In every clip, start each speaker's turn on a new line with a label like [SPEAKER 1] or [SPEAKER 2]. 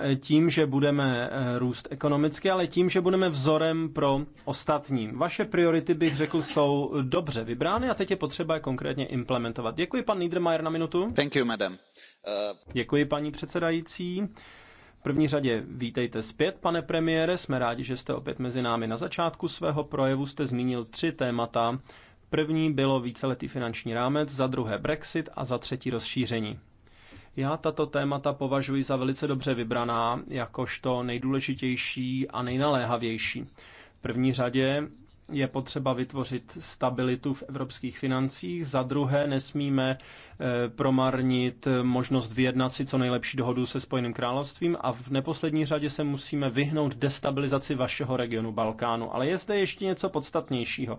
[SPEAKER 1] Eh, tím, že budeme eh, růst ekonomicky, ale tím, že budeme vzorem pro ostatní. Vaše priority, bych řekl, jsou dobře vybrány a teď je potřeba je konkrétně implementovat. Děkuji, pan Niedermayer, na minutu. Thank you, madam. Uh... Děkuji, paní předsedající. V první řadě vítejte zpět, pane premiére. Jsme rádi, že jste opět mezi námi. Na začátku svého projevu jste zmínil tři témata. První bylo víceletý finanční rámec, za druhé Brexit a za třetí rozšíření. Já tato témata považuji za velice dobře vybraná, jakožto nejdůležitější a nejnaléhavější. V první řadě je potřeba vytvořit stabilitu v evropských financích. Za druhé, nesmíme eh, promarnit možnost vyjednat si co nejlepší dohodu se Spojeným královstvím a v neposlední řadě se musíme vyhnout destabilizaci vašeho regionu Balkánu. Ale je zde ještě něco podstatnějšího.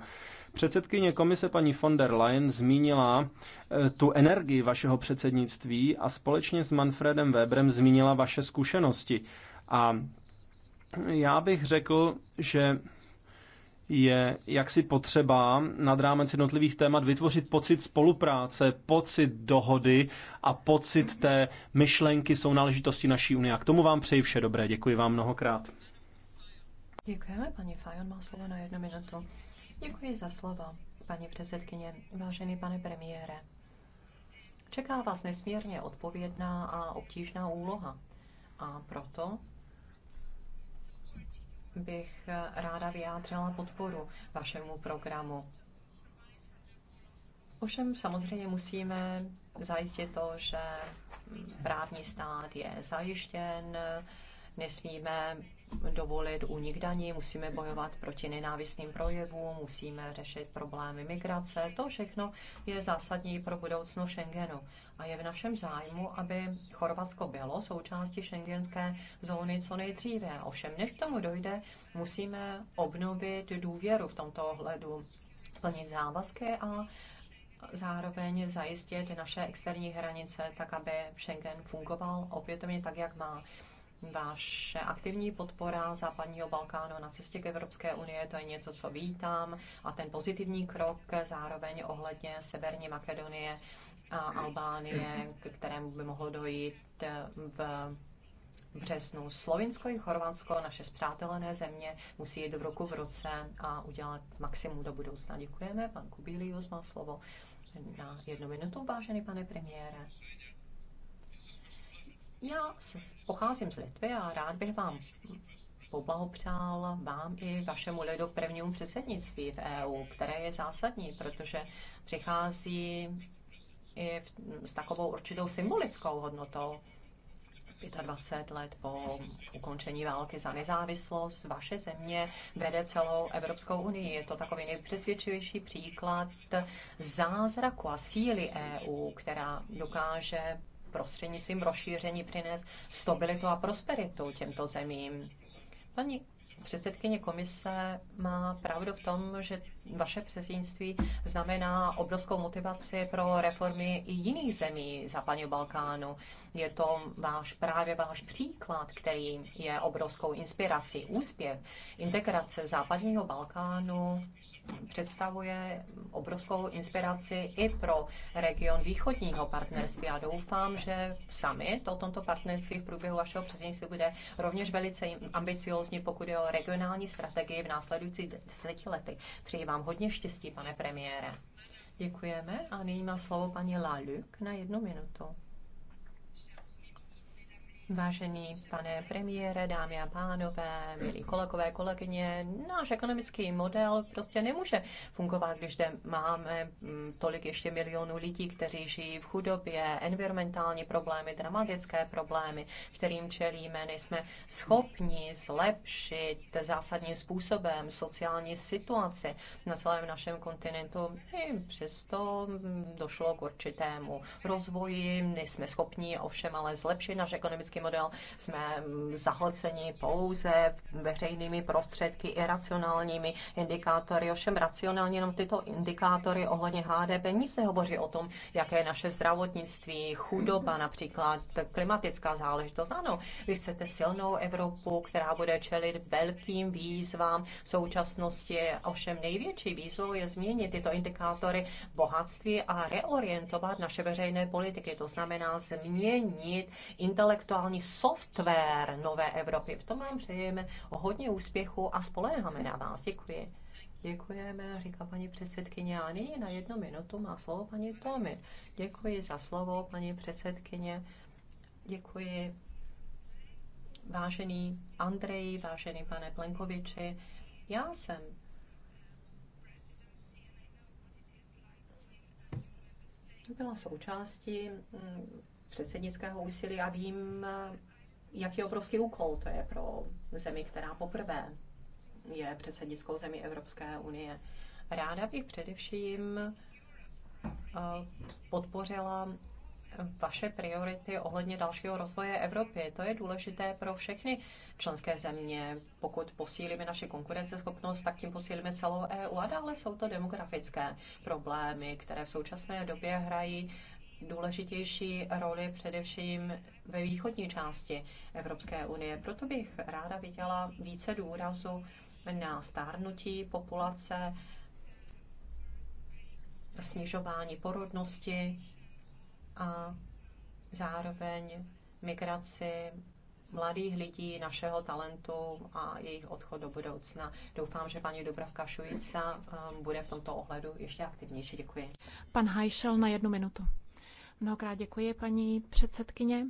[SPEAKER 1] Předsedkyně komise paní von der Leyen zmínila eh, tu energii vašeho předsednictví a společně s Manfredem Weberem zmínila vaše zkušenosti. A já bych řekl, že je jaksi potřeba nad rámec jednotlivých témat vytvořit pocit spolupráce, pocit dohody a pocit té myšlenky jsou náležitosti naší unie. A k tomu vám přeji vše dobré. Děkuji vám mnohokrát.
[SPEAKER 2] Děkujeme, paní Fajon má slovo na jednu minutu. Děkuji za slovo, paní předsedkyně, vážený pane premiére. Čeká vás nesmírně odpovědná a obtížná úloha. A proto bych ráda vyjádřila podporu vašemu programu. Ovšem samozřejmě musíme zajistit to, že právní stát je zajištěn, nesmíme dovolit únik daní, musíme bojovat proti nenávistným projevům, musíme řešit problémy migrace. To všechno je zásadní pro budoucnost Schengenu. A je v našem zájmu, aby Chorvatsko bylo součástí šengenské zóny co nejdříve. Ovšem, než k tomu dojde, musíme obnovit důvěru v tomto ohledu, plnit závazky a zároveň zajistit naše externí hranice tak, aby Schengen fungoval opětovně tak, jak má vaše aktivní podpora západního Balkánu na cestě k Evropské unie, to je něco, co vítám. A ten pozitivní krok zároveň ohledně Severní Makedonie a Albánie, k kterému by mohlo dojít eh, v březnu. Slovinsko i Chorvatsko, naše zpřátelené země, musí jít v ruku v roce a udělat maximum do budoucna. Děkujeme. Pan Kubílius má slovo na jednu minutu, vážený pane premiére. Já pocházím z Litvy a rád bych vám poblahopřál vám i vašemu lidu k prvnímu předsednictví v EU, které je zásadní, protože přichází i v, s takovou určitou symbolickou hodnotou. 25 let po ukončení války za nezávislost vaše země vede celou Evropskou unii. Je to takový nejpřesvědčivější příklad zázraku a síly EU, která dokáže prostřednictvím rozšíření přinést stabilitu a prosperitu těmto zemím. Paní předsedkyně komise má pravdu v tom, že vaše předsednictví znamená obrovskou motivaci pro reformy i jiných zemí západního Balkánu. Je to váš, právě váš příklad, který je obrovskou inspirací. Úspěch integrace západního Balkánu představuje obrovskou inspiraci i pro region východního partnerství a doufám, že sami o tomto partnerství v průběhu vašeho předsednictví bude rovněž velice ambiciózní, pokud je o regionální strategii v následujících deseti lety. Přeji vám hodně štěstí, pane premiére. Děkujeme a nyní má slovo paní Laluk na jednu minutu. Vážený pane premiére, dámy a pánové, milí kolegové, kolegyně, náš ekonomický model prostě nemůže fungovat, když zde máme mm, tolik ještě milionů lidí, kteří žijí v chudobě, environmentální problémy, dramatické problémy, kterým čelíme, nejsme schopni zlepšit zásadním způsobem sociální situaci na celém našem kontinentu. I přesto mm, došlo k určitému rozvoji, nejsme schopni ovšem ale zlepšit náš ekonomický model, jsme zahlceni pouze veřejnými prostředky, iracionálními indikátory, ovšem racionálně jenom tyto indikátory ohledně HDP nic nehovoří o tom, jaké je naše zdravotnictví, chudoba například, klimatická záležitost. Ano, vy chcete silnou Evropu, která bude čelit velkým výzvám v současnosti, ovšem největší výzvou je změnit tyto indikátory bohatství a reorientovat naše veřejné politiky, to znamená změnit intelektuální digitální software nové Evropy. V tom vám přejeme hodně úspěchu a spoléháme na vás. Děkuji. Děkujeme, říká paní předsedkyně. A nyní na jednu minutu má slovo paní Tomy. Děkuji za slovo, paní předsedkyně. Děkuji. Vážený Andrej, vážený pane Plenkoviči, já jsem byla součástí mm, předsednického úsilí a vím, jaký obrovský úkol to je pro zemi, která poprvé je předsednickou zemí Evropské unie. Ráda bych především eh, podpořila vaše priority ohledně dalšího rozvoje Evropy. To je důležité pro všechny členské země. Pokud posílíme naši konkurenceschopnost, tak tím posílíme celou EU. A dále jsou to demografické problémy, které v současné době hrají důležitější roli především ve východní části Evropské unie. Proto bych ráda viděla více důrazu na stárnutí populace, snižování porodnosti a zároveň migraci mladých lidí, našeho talentu a jejich odchod do budoucna. Doufám, že paní Dobravka Šujica eh, bude v tomto ohledu ještě aktivnější. Děkuji.
[SPEAKER 3] Pan Hajšel na jednu minutu. Mnohokrát děkuji, paní předsedkyně.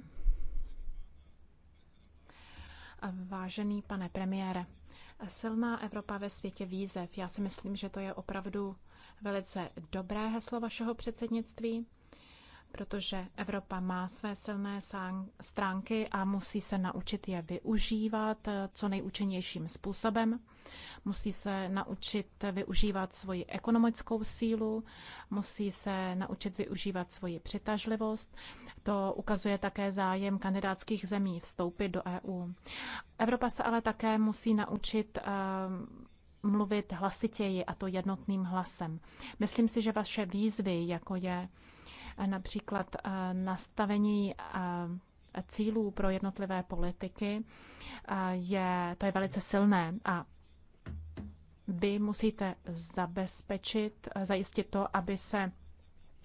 [SPEAKER 3] Vážený pane premiére, silná Evropa ve světě výzev. Já si myslím, že to je opravdu velice dobré heslo vašeho předsednictví protože Evropa má své silné stránky a musí se naučit je využívat eh, co nejúčinnějším způsobem. Musí se naučit využívat svoji ekonomickou sílu, musí se naučit využívat svoji přitažlivost. To ukazuje také zájem kandidátských zemí vstoupit do EU. Evropa se ale také musí naučit eh, mluvit hlasitěji a to jednotným hlasem. Myslím si, že vaše výzvy, jako je například nastavení cílů pro jednotlivé politiky, je, to je velice silné a vy musíte zabezpečit, zajistit to, aby se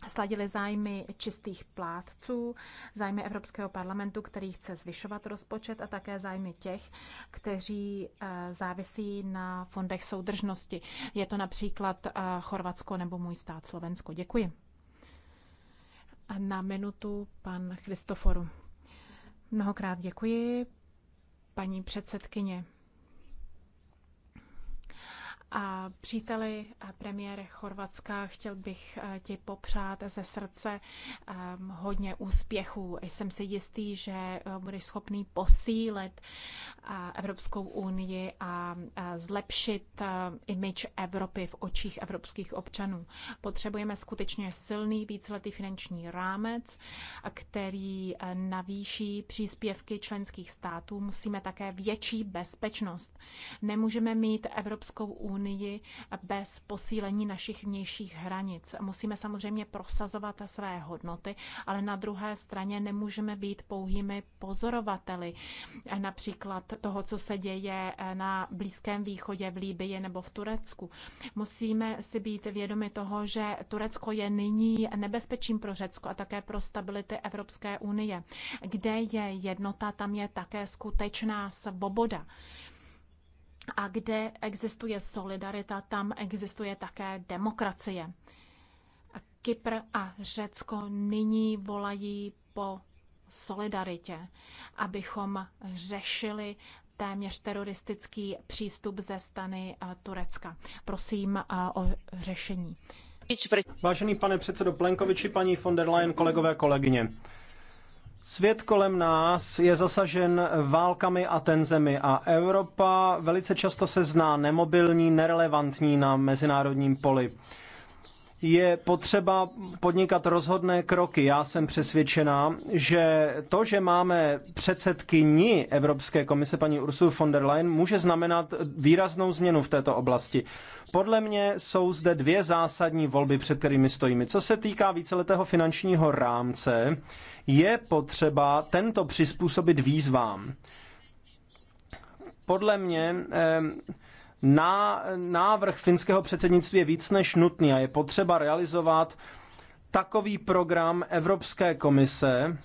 [SPEAKER 3] sladily zájmy čistých plátců, zájmy Evropského parlamentu, který chce zvyšovat rozpočet a také zájmy těch, kteří závisí na fondech soudržnosti. Je to například Chorvatsko nebo můj stát Slovensko. Děkuji na minutu pan Christoforu. Mnohokrát děkuji, paní předsedkyně. A příteli premiére Chorvatska, chtěl bych eh, ti popřát ze srdce ehm, hodně úspěchů. Jsem si jistý, že eh, budeš schopný posílit eh, Evropskou unii a zlepšit image Evropy v očích evropských občanů. Potřebujeme skutečně silný víceletý finanční rámec, který navýší příspěvky členských států. Musíme také větší bezpečnost. Nemůžeme mít Evropskou unii unii bez posílení našich vnějších hranic. Musíme samozřejmě prosazovat své hodnoty, ale na druhé straně nemůžeme být pouhými pozorovateli například toho, co se děje na Blízkém východě, v Líbii nebo v Turecku. Musíme si být vědomi toho, že Turecko je nyní nebezpečím pro Řecko a také pro stability Evropské unie. Kde je jednota, tam je také skutečná svoboda. A kde existuje solidarita, tam existuje také demokracie. Kypr a Řecko nyní volají po solidaritě, abychom řešili téměř teroristický přístup ze strany eh, Turecka. Prosím eh, o řešení.
[SPEAKER 1] Vážený pane předsedo Plenkoviči, paní von der Leyen, kolegové, kolegyně. Svět kolem nás je zasažen válkami a tenzemi a Evropa velice často se zná nemobilní, nerelevantní na mezinárodním poli je potřeba podnikat rozhodné kroky. Já jsem přesvědčená, že to, že máme předsedkyni Evropské komise paní Ursula von der Leyen, může znamenat výraznou změnu v této oblasti. Podle mě jsou zde dvě zásadní volby, před kterými stojíme. Co se týká víceletého finančního rámce, je potřeba tento přizpůsobit výzvám. Podle mě eh, na návrh finského předsednictví je víc než nutný a je potřeba realizovat takový program Evropské komise,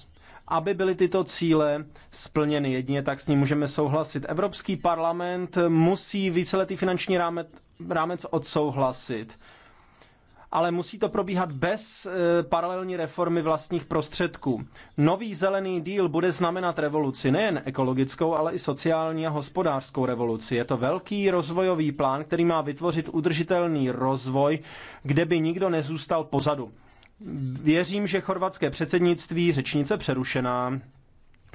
[SPEAKER 1] aby byly tyto cíle splněny. Jedině tak s ním můžeme souhlasit. Evropský parlament musí víceletý finanční rámec, rámec odsouhlasit ale musí to probíhat bez e, paralelní reformy vlastních prostředků. Nový zelený díl bude znamenat revoluci, nejen ekologickou, ale i sociální a hospodářskou revoluci. Je to velký rozvojový plán, který má vytvořit udržitelný rozvoj, kde by nikdo nezůstal pozadu. Věřím, že chorvatské předsednictví řečnice přerušená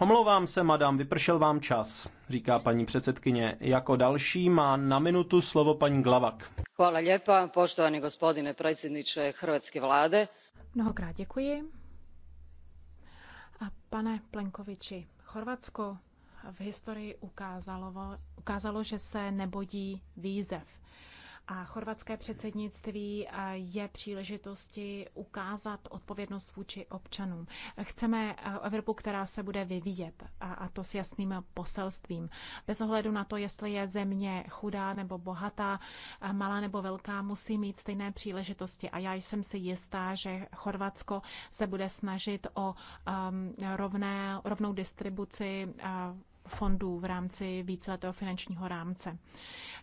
[SPEAKER 1] Omlouvám se, madam, vypršel vám čas, říká paní předsedkyně. Jako další má na minutu slovo paní Glavak. Hvala
[SPEAKER 2] lepa, poštovaný gospodine predsjedniče hrvatske vlády.
[SPEAKER 3] Mnohokrát děkuji. A pane Plenkoviči, Chorvatsko v historii ukázalo, ukázalo že se nebojí výzev. A chorvatské předsednictví eh, je příležitosti ukázat odpovědnost vůči občanům. Chceme eh, Evropu, která se bude vyvíjet a to s jasným poselstvím. Bez ohledu na to, jestli je země chudá nebo bohatá, eh, malá nebo velká, musí mít stejné příležitosti. A já jsem si jistá, že Chorvatsko se bude snažit o ehm, rovné, rovnou distribuci fondů v rámci víceletého finančního rámce.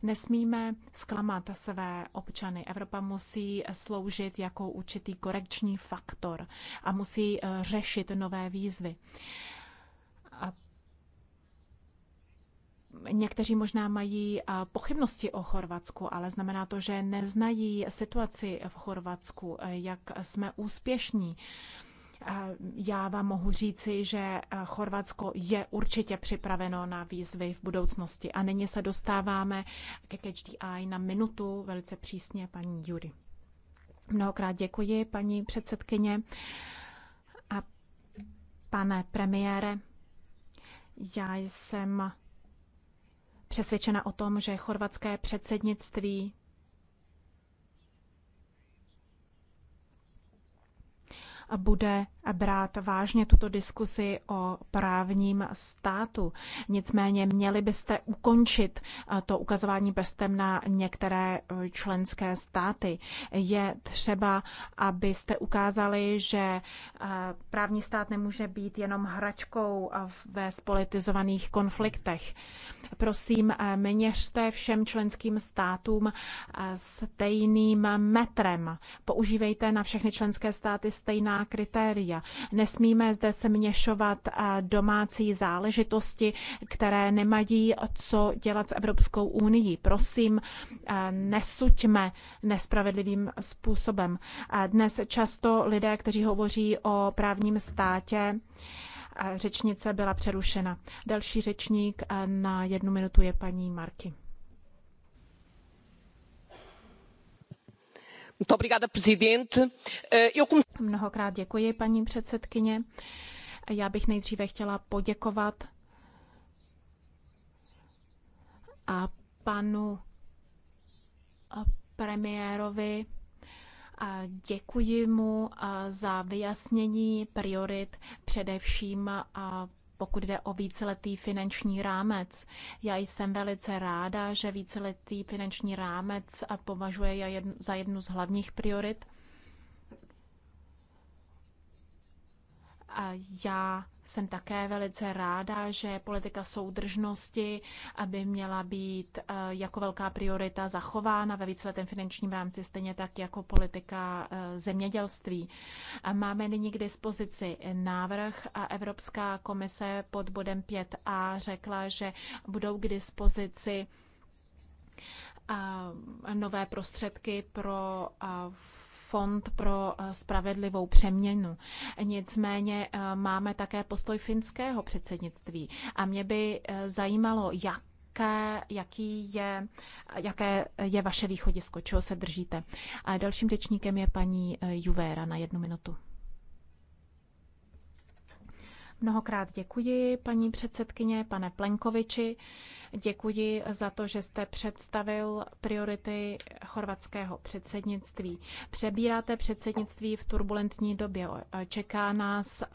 [SPEAKER 3] Nesmíme zklamat své občany. Evropa musí sloužit jako určitý korekční faktor a musí eh, řešit nové výzvy. A Někteří možná mají eh, pochybnosti o Chorvatsku, ale znamená to, že neznají situaci v Chorvatsku, eh, jak jsme úspěšní. Já vám mohu říci, že eh, Chorvatsko je určitě připraveno na výzvy v budoucnosti. A nyní se dostáváme ke HDI na minutu velice přísně paní Jury. Mnohokrát děkuji, paní předsedkyně a pane premiére. Já jsem přesvědčena o tom, že chorvatské předsednictví bude brát vážně tuto diskusi o právním státu. Nicméně měli byste ukončit eh, to ukazování prstem na některé eh, členské státy. Je třeba, abyste ukázali, že eh, právní stát nemůže být jenom hračkou ve spolitizovaných konfliktech. Prosím, měřte všem členským státům stejným metrem. Používejte na všechny členské státy stejná kritéria a Nesmíme zde se měšovat eh, domácí záležitosti, které nemají co dělat s Evropskou unii. Prosím, eh, nesuďme nespravedlivým způsobem. Dnes často lidé, kteří hovoří o právním státě, eh, řečnice byla přerušena. Další řečník na jednu minutu je paní Marky. Eh, Mnohokrát děkuji, paní předsedkyně. Já bych nejdříve chtěla poděkovat a panu premiérovi. Děkuji mu za vyjasnění priorit, především pokud jde o víceletý finanční rámec. Já jsem velice ráda, že víceletý finanční rámec považuje za jednu z hlavních priorit Já jsem také velice ráda, že politika soudržnosti by měla být eh, jako velká priorita zachována ve víceletém finančním rámci, stejně tak jako politika eh, zemědělství. Máme nyní k dispozici návrh a Evropská komise pod bodem 5a řekla, že budou k dispozici eh, nové prostředky pro fond pro eh, spravedlivou přeměnu. Nicméně eh, máme také postoj finského předsednictví a mě by eh, zajímalo, jak jaký je, jaké je vaše východisko, čeho se držíte. A dalším řečníkem je paní Juvéra na jednu minutu. Mnohokrát děkuji, paní předsedkyně, pane Plenkoviči. Děkuji za to, že jste představil priority chorvatského předsednictví. Přebíráte předsednictví v turbulentní době. Čeká nás eh,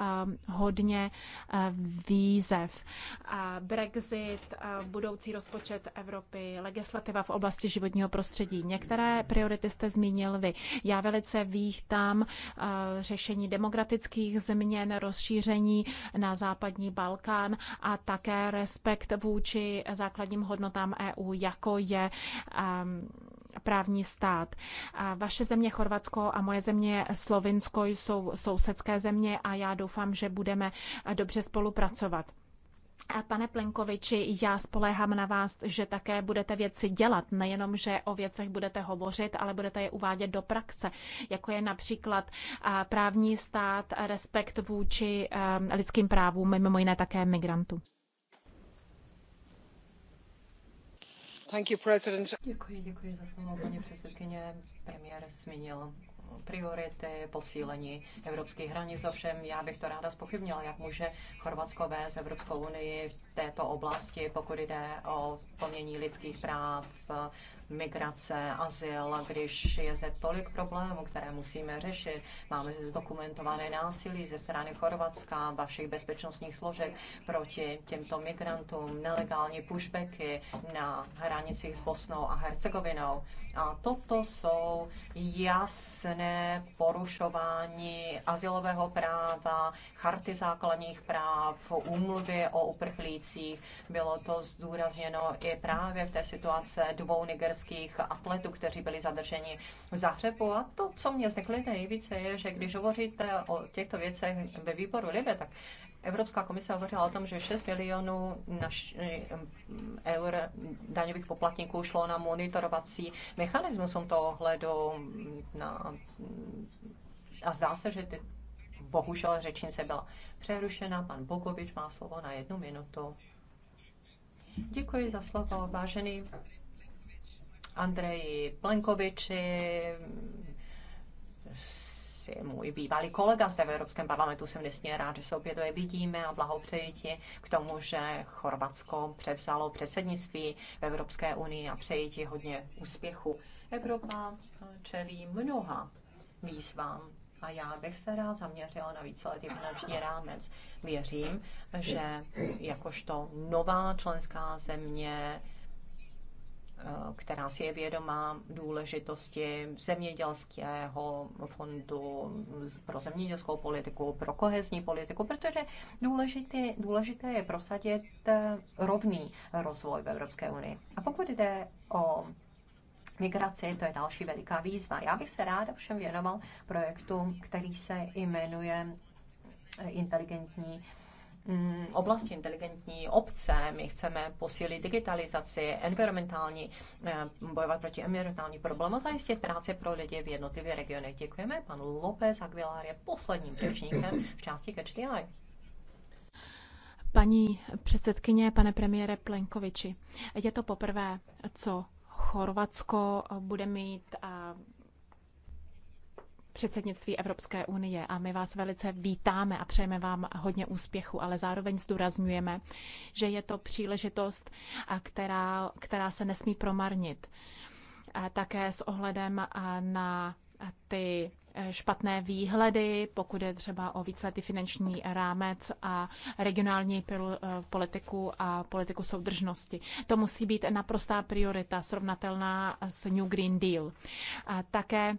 [SPEAKER 3] hodně eh, výzev. Brexit, eh, budoucí rozpočet Evropy, legislativa v oblasti životního prostředí. Některé priority jste zmínil vy. Já velice vítám řešení demokratických změn, rozšíření na západní Balkán a také respekt vůči základní základním hodnotám EU, jako je ehm, právní stát. Vaše země Chorvatsko a moje země Slovinsko jsou sousedské země a já doufám, že budeme eh, dobře spolupracovat. A pane Plenkoviči, já spoléhám na vás, že také budete věci dělat, nejenom, že o věcech budete hovořit, ale budete je uvádět do praxe, jako je například eh, právní stát, respekt vůči ehm, lidským právům, mimo jiné také migrantům.
[SPEAKER 2] Děkuji, za slovo, paní předsedkyně. Premiér zmínil priority, posílení evropských hranic. Ovšem, já bych to ráda spochybnila, jak může Chorvatsko vést Evropskou unii v této oblasti, pokud jde o plnění lidských práv, migrace, azyl, když je zde tolik problémů, které musíme řešit. Máme zde zdokumentované násilí ze strany Chorvatska, vašich bezpečnostních složek proti těmto migrantům, nelegální pushbacky na hranicích s Bosnou a Hercegovinou. A toto jsou jasné porušování azylového práva, charty základních práv, úmluvy o uprchlících. Bylo to zdůrazněno i právě v té situace dvou nigerských atletů, kteří byli zadrženi v Zahřebu. A to, co mě zneklidne nejvíce, je, že když hovoříte o těchto věcech ve výboru Libe, tak Evropská komise hovořila o tom, že 6 milionů naš, eh, eur daňových poplatníků šlo na monitorovací mechanismus v tomto ohledu na, a zdá se, že ty, bohužel řečnice byla přerušena. Pan Bogovič má slovo na jednu minutu. Děkuji za slovo, vážený Andrej Plenkoviči jsi můj bývalý kolega zde v Evropském parlamentu. Jsem nesmírně rád, že se opětovně vidíme a blahopřeji ti k tomu, že Chorvatsko převzalo předsednictví v Evropské unii a přeji ti hodně úspěchu. Evropa čelí mnoha výzvám a já bych se rád zaměřila na víceletý finanční rámec. Věřím, že jakožto nová členská země Eh, která si je vědomá důležitosti zemědělského fondu pro zemědělskou politiku, pro kohezní politiku, protože důležité, důležité je prosadit eh, rovný rozvoj v Evropské unii. A pokud jde o migraci, to je další veliká výzva. Já bych se ráda všem věnoval projektu, který se jmenuje eh, inteligentní Mm, oblasti inteligentní obce, my chceme posílit digitalizaci, environmentální, eh, bojovat proti environmentální problému zajistit práce pro lidi v jednotlivých regionech. Děkujeme. Pan López Aguilar je posledním řečníkem v části Catch the Eye.
[SPEAKER 3] Paní předsedkyně, pane premiére Plenkoviči, je to poprvé, co Chorvatsko bude mít eh, předsednictví Evropské unie a my vás velice vítáme a přejeme vám hodně úspěchu, ale zároveň zdůrazňujeme, že je to příležitost, která, která se nesmí promarnit. Také s ohledem na ty e, špatné výhledy, pokud je třeba o víceletý finanční rámec a regionální e, politiku a politiku soudržnosti. To musí být naprostá priorita, srovnatelná s New Green Deal. A také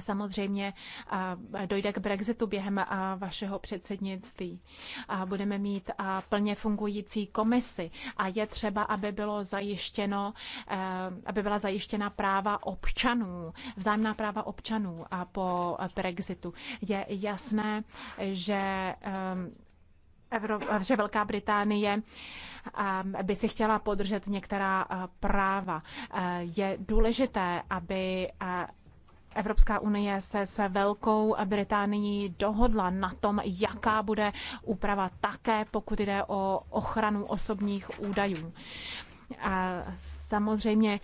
[SPEAKER 3] Samozřejmě dojde k Brexitu během vašeho předsednictví. Budeme mít plně fungující komisi a je třeba, aby, bylo zajištěno, aby byla zajištěna práva občanů, vzájemná práva občanů a po Brexitu. Je jasné, že, že Velká Británie by si chtěla podržet některá práva. Je důležité, aby Evropská unie se s Velkou Británií dohodla na tom, jaká bude úprava také, pokud jde o ochranu osobních údajů. Samozřejmě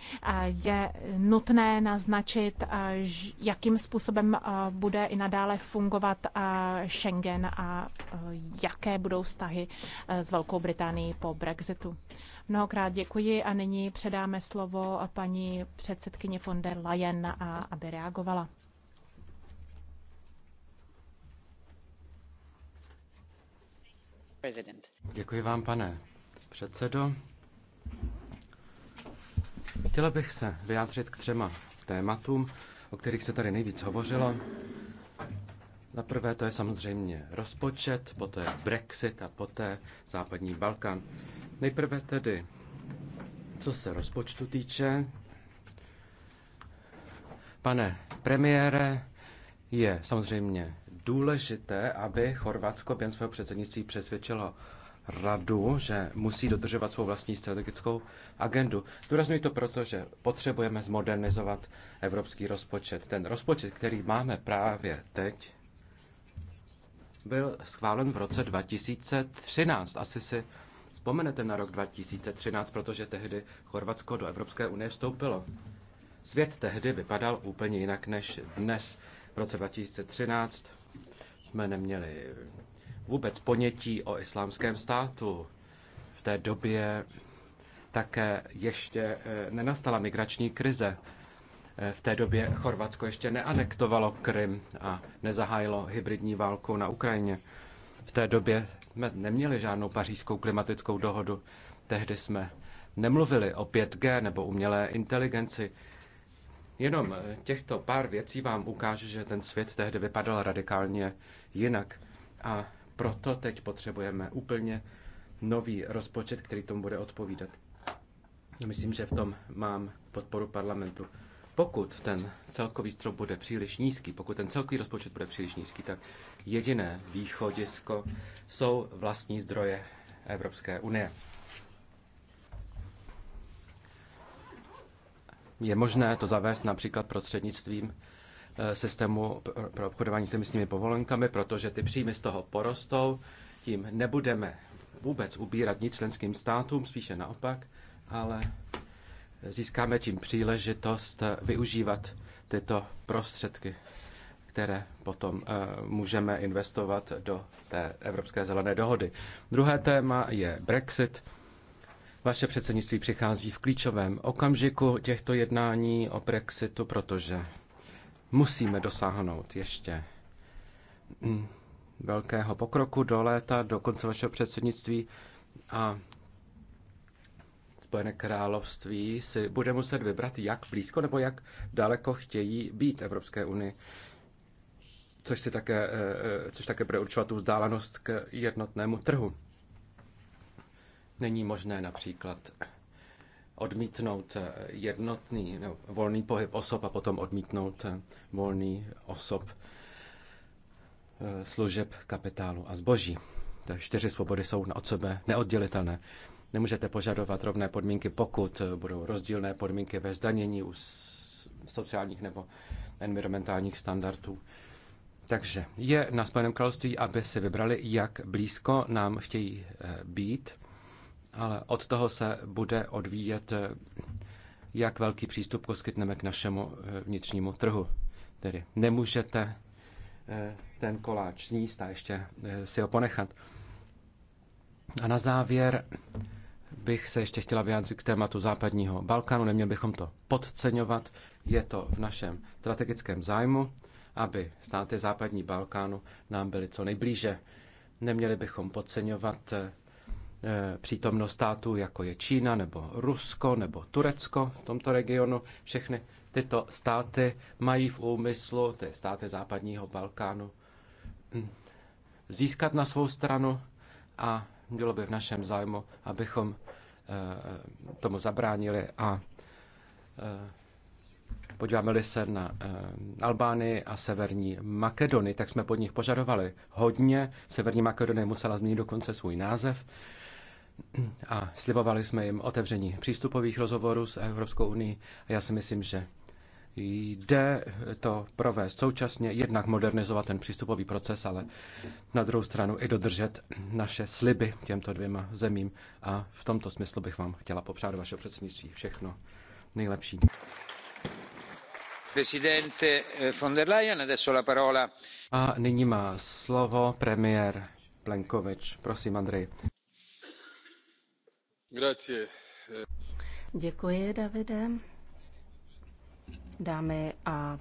[SPEAKER 3] je nutné naznačit, jakým způsobem bude i nadále fungovat Schengen a jaké budou vztahy s Velkou Británií po Brexitu. Mnohokrát děkuji a nyní předáme slovo paní předsedkyni von der Leyen, a aby reagovala.
[SPEAKER 4] Děkuji vám, pane předsedo. Chtěla bych se vyjádřit k třema tématům, o kterých se tady nejvíc hovořilo. Za prvé to je samozřejmě rozpočet, poté Brexit a poté západní Balkán. Nejprve tedy, co se rozpočtu týče, pane premiére, je samozřejmě důležité, aby Chorvatsko během svého předsednictví přesvědčilo radu, že musí dodržovat svou vlastní strategickou agendu. Důraznuju to proto, že potřebujeme zmodernizovat evropský rozpočet. Ten rozpočet, který máme právě teď, byl schválen v roce 2013. Asi si vzpomenete na rok 2013, protože tehdy Chorvatsko do Evropské unie vstoupilo. Svět tehdy vypadal úplně jinak než dnes. V roce 2013 jsme neměli vůbec ponětí o islámském státu. V té době také ještě eh, nenastala migrační krize. Eh, v té době Chorvatsko ještě neanektovalo Krym a nezahájilo hybridní válku na Ukrajině. V té době jsme neměli žádnou pařížskou klimatickou dohodu. Tehdy jsme nemluvili o 5G nebo umělé inteligenci. Jenom eh, těchto pár věcí vám ukáže, že ten svět tehdy vypadal radikálně jinak. A proto teď potřebujeme úplně nový rozpočet, který tomu bude odpovídat. Myslím, že v tom mám podporu parlamentu. Pokud ten celkový strop bude příliš nízký, pokud ten celkový rozpočet bude příliš nízký, tak jediné východisko jsou vlastní zdroje Evropské unie. Je možné to zavést například prostřednictvím eh, systému pro obchodování s emisními povolenkami, protože ty příjmy z toho porostou, tím nebudeme vůbec ubírat nic členským státům, spíše naopak, ale získáme tím příležitost využívat tyto prostředky, které potom eh, můžeme investovat do té Evropské zelené dohody. Druhé téma je Brexit. Vaše předsednictví přichází v klíčovém okamžiku těchto jednání o Brexitu, protože musíme dosáhnout ještě mm, velkého pokroku do léta, do konce vašeho předsednictví a Spojené království si bude muset vybrat, jak blízko nebo jak daleko chtějí být Evropské unii, což, si také, eh, eh, což také bude určovat tu vzdálenost k jednotnému trhu. Není možné například odmítnout eh, jednotný nebo volný pohyb osob a potom odmítnout volný osob služeb, kapitálu a zboží. Ty čtyři svobody jsou od sebe neoddělitelné. Nemůžete požadovat rovné podmínky, pokud budou rozdílné podmínky ve zdanění u sociálních nebo environmentálních standardů. Takže je na Spojeném království, aby si vybrali, jak blízko nám chtějí eh, být, ale od toho se bude odvíjet, eh, jak velký přístup poskytneme k našemu eh, vnitřnímu trhu. Tedy nemůžete ten koláč sníst a ještě si ho ponechat. A na závěr bych se ještě chtěla vyjádřit k tématu západního Balkánu. Neměli bychom to podceňovat. Je to v našem strategickém zájmu, aby státy západní Balkánu nám byly co nejblíže. Neměli bychom podceňovat eh, přítomnost států, jako je Čína nebo Rusko nebo Turecko v tomto regionu. Všechny tyto státy mají v úmyslu, ty státy západního Balkánu, získat na svou stranu a bylo by v našem zájmu, abychom Eh, tomu zabránili a eh, podíváme-li se na eh, Albánii a Severní Makedonii, tak jsme pod nich požadovali hodně. Severní Makedonie musela změnit dokonce svůj název a slibovali jsme jim otevření přístupových rozhovorů s Evropskou unii. Já si myslím, že jde to provést současně, jednak modernizovat ten přístupový proces, ale na druhou stranu i dodržet naše sliby těmto dvěma zemím. A v tomto smyslu bych vám chtěla popřát vaše předsednictví všechno nejlepší. Presidente eh, von der Leyen, adesso la parola. A nyní má slovo premiér Plenkovič. Prosím, Andrej. Grazie.
[SPEAKER 5] Děkuji, Davide dámy a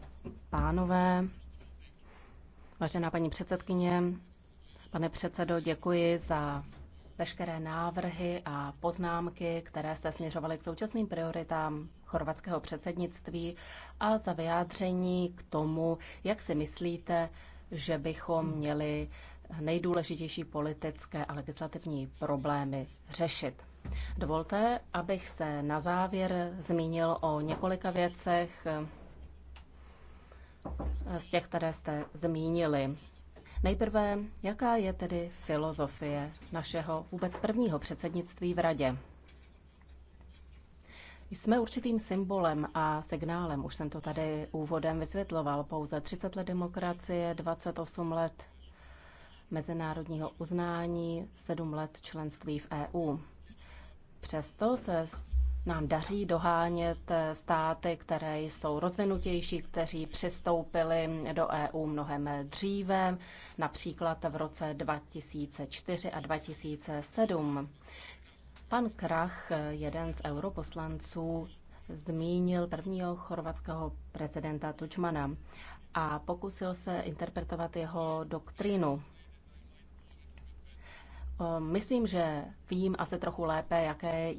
[SPEAKER 5] pánové, vážená paní předsedkyně, pane předsedo, děkuji za veškeré návrhy a poznámky, které jste směřovali k současným prioritám chorvatského předsednictví a za vyjádření k tomu, jak si myslíte, že bychom měli nejdůležitější politické a legislativní problémy řešit. Dovolte, abych se na závěr zmínil o několika věcech z těch, které jste zmínili. Nejprve, jaká je tedy filozofie našeho vůbec prvního předsednictví v Radě? Jsme určitým symbolem a signálem, už jsem to tady úvodem vysvětloval, pouze 30 let demokracie, 28 let mezinárodního uznání, 7 let členství v EU. Přesto se nám daří dohánět státy, které jsou rozvinutější, kteří přistoupili do EU mnohem dříve, například v roce 2004 a 2007. Pan Krach, jeden z europoslanců, zmínil prvního chorvatského prezidenta Tučmana a pokusil se interpretovat jeho doktrínu. Ehm, myslím, že vím asi trochu lépe, jaké,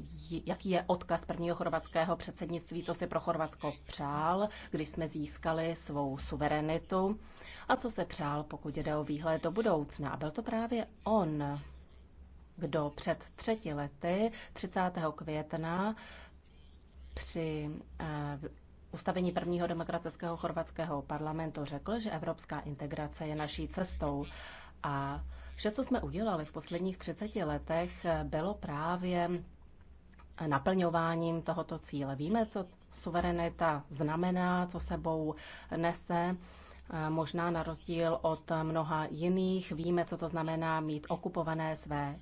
[SPEAKER 5] jaký je odkaz prvního chorvatského předsednictví, co si pro Chorvatsko přál, když jsme získali svou suverenitu a co se přál, pokud jde o výhled do budoucna. A byl to právě on, kdo před třetí lety, 30. května, při eh, ustavení prvního demokratického chorvatského parlamentu řekl, že evropská integrace je naší cestou a Vše, co jsme udělali v posledních 30 letech, bylo právě naplňováním tohoto cíle. Víme, co suverenita znamená, co sebou nese. Možná na rozdíl od mnoha jiných víme, co to znamená mít okupované své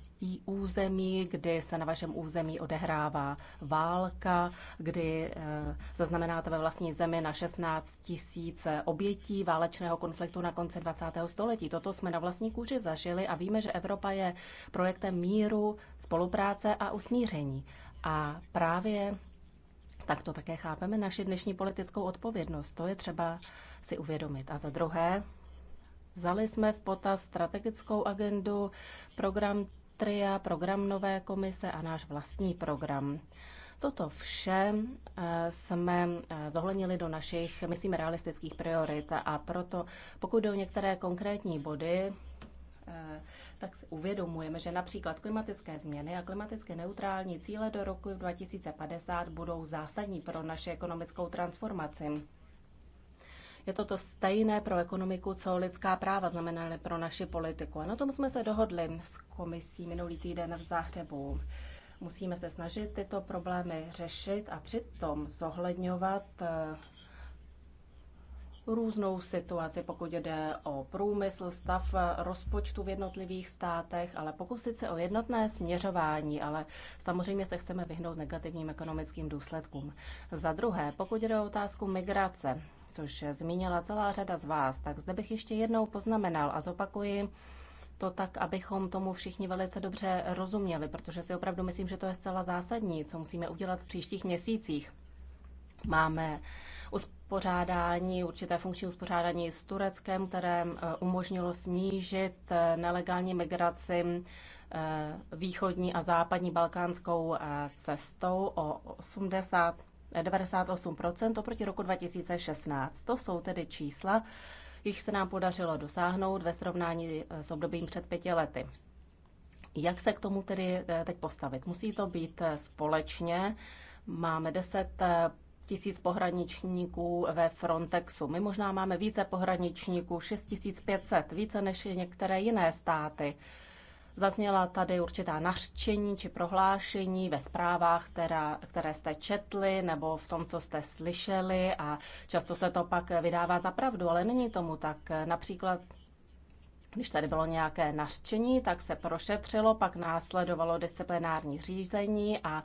[SPEAKER 5] území, kdy se na vašem území odehrává válka, kdy eh, zaznamenáte ve vlastní zemi na 16 tisíc obětí válečného konfliktu na konci 20. století. Toto jsme na vlastní kůži zažili a víme, že Evropa je projektem míru, spolupráce a usmíření. A právě tak to také chápeme naši dnešní politickou odpovědnost. To je třeba si uvědomit. A za druhé, vzali jsme v potaz strategickou agendu, program tria, program nové komise a náš vlastní program. Toto vše eh, jsme eh, zohlednili do našich, myslím, realistických priorit a proto, pokud jde o některé konkrétní body, eh, tak si uvědomujeme, že například klimatické změny a klimaticky neutrální cíle do roku 2050 budou zásadní pro naši ekonomickou transformaci. Je to to stejné pro ekonomiku, co lidská práva znamenaly pro naši politiku. A na tom jsme se dohodli s komisí minulý týden v Záhřebu. Musíme se snažit tyto problémy řešit a přitom zohledňovat eh, různou situaci, pokud jde o průmysl, stav rozpočtu v jednotlivých státech, ale pokusit se o jednotné směřování, ale samozřejmě se chceme vyhnout negativním ekonomickým důsledkům. Za druhé, pokud jde o otázku migrace, což zmínila celá řada z vás, tak zde bych ještě jednou poznamenal a zopakuji to tak, abychom tomu všichni velice dobře rozuměli, protože si opravdu myslím, že to je zcela zásadní, co musíme udělat v příštích měsících. Máme uspořádání, určité funkční uspořádání s Tureckem, které eh, umožnilo snížit eh, nelegální migraci eh, východní a západní balkánskou cestou o 80 98% oproti roku 2016. To jsou tedy čísla, jich se nám podařilo dosáhnout ve srovnání eh, s obdobím před pěti lety. Jak se k tomu tedy eh, teď postavit? Musí to být eh, společně. Máme 10 tisíc pohraničníků ve Frontexu. My možná máme více pohraničníků, 6500, více než některé jiné státy. Zazněla tady určitá nařčení či prohlášení ve zprávách, která, které jste četli nebo v tom, co jste slyšeli a často se to pak vydává za pravdu, ale není tomu tak. Například když tady bylo nějaké nařčení, tak se prošetřilo, pak následovalo disciplinární řízení a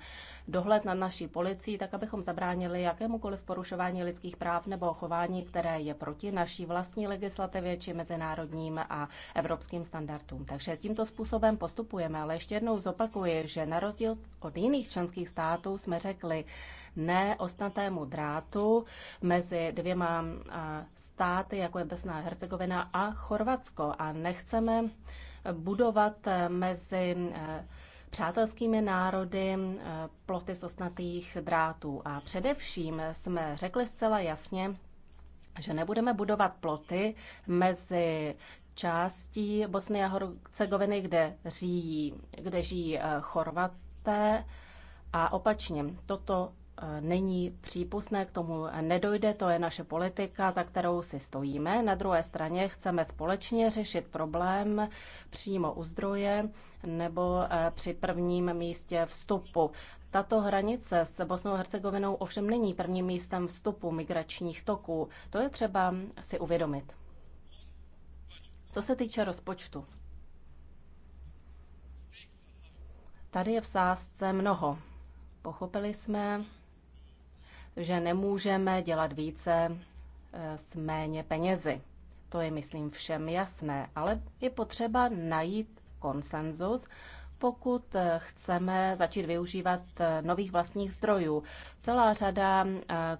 [SPEAKER 5] dohled nad naší policií, tak abychom zabránili jakémukoliv porušování lidských práv nebo chování, které je proti naší vlastní legislativě či mezinárodním a evropským standardům. Takže tímto způsobem postupujeme, ale ještě jednou zopakuji, že na rozdíl od jiných členských států jsme řekli ne ostatému drátu mezi dvěma státy, jako je Bosna a Hercegovina a Chorvatsko. A nechceme budovat mezi přátelskými národy eh, ploty sosnatých drátů. A především jsme řekli zcela jasně, že nebudeme budovat ploty mezi částí Bosny a Hercegoviny, kde, kde žijí eh, Chorvaté a opačně. Toto není přípustné, k tomu nedojde, to je naše politika, za kterou si stojíme. Na druhé straně chceme společně řešit problém přímo u zdroje nebo eh, při prvním místě vstupu. Tato hranice s Bosnou a Hercegovinou ovšem není prvním místem vstupu migračních toků. To je třeba si uvědomit. Co se týče rozpočtu, tady je v sázce mnoho. Pochopili jsme, že nemůžeme dělat více eh, s méně penězi. To je, myslím, všem jasné, ale je potřeba najít konsenzus, pokud eh, chceme začít využívat eh, nových vlastních zdrojů. Celá řada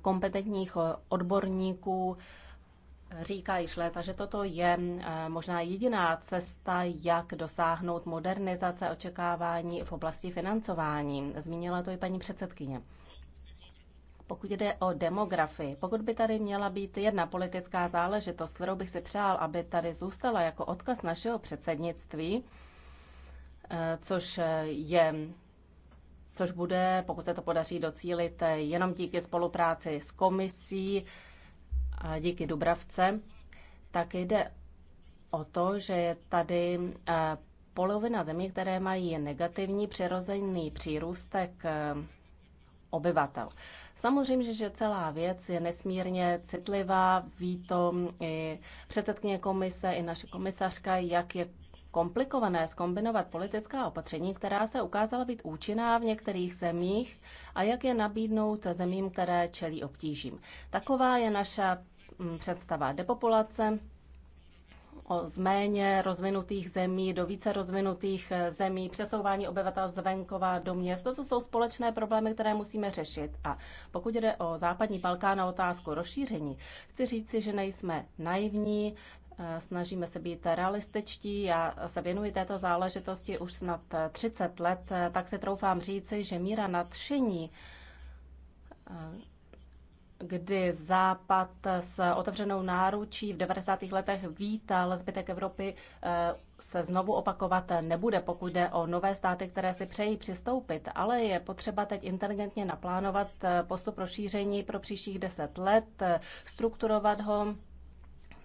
[SPEAKER 5] kompetentních odborníků říká již léta, že toto je možná jediná cesta, jak dosáhnout modernizace očekávání v oblasti financování. Zmínila to i paní předsedkyně. Pokud jde o demografii, pokud by tady měla být jedna politická záležitost, kterou bych si přál, aby tady zůstala jako odkaz našeho předsednictví, eh, což je což bude, pokud se to podaří docílit, eh, jenom díky spolupráci s komisí a díky Dubravce, tak jde o to, že je tady eh, polovina zemí, které mají negativní přirozený přírůstek obyvatel. Samozřejmě, že celá věc je nesmírně citlivá, ví to i předsedkyně komise, i naše komisařka, jak je komplikované skombinovat politická opatření, která se ukázala být účinná v některých zemích a jak je nabídnout zemím, které čelí obtížím. Taková je naše mm, představa depopulace, z méně rozvinutých zemí do více rozvinutých eh, zemí, přesouvání obyvatel z venkova do měst. To jsou společné problémy, které musíme řešit. A pokud jde o západní Balkán a otázku rozšíření, chci říci, že nejsme naivní, eh, snažíme se být realističtí. Já se věnuji této záležitosti už snad 30 eh, let, tak se troufám říci, že míra nadšení kdy Západ s otevřenou náručí v 90. letech vítal zbytek Evropy, eh, se znovu opakovat nebude, pokud jde o nové státy, které si přejí přistoupit, ale je potřeba teď inteligentně naplánovat eh, postup rozšíření pro příštích 10 let, eh, strukturovat ho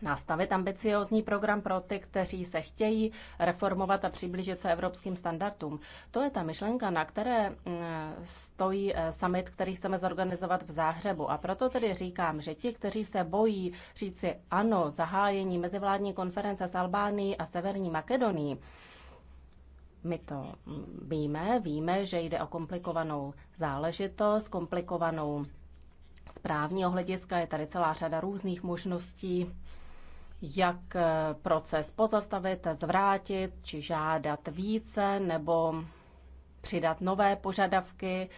[SPEAKER 5] nastavit ambiciózní program pro ty, kteří se chtějí reformovat a přiblížit se evropským standardům. To je ta myšlenka, na které mm, stojí eh, summit, který chceme zorganizovat v Záhřebu. A proto tedy říkám, že ti, kteří se bojí říci ano zahájení mezivládní konference s Albánií a Severní Makedonií, my to mm, víme, víme, že jde o komplikovanou záležitost, komplikovanou z právního hlediska je tady celá řada různých možností jak eh, proces pozastavit, zvrátit, či žádat více nebo přidat nové požadavky,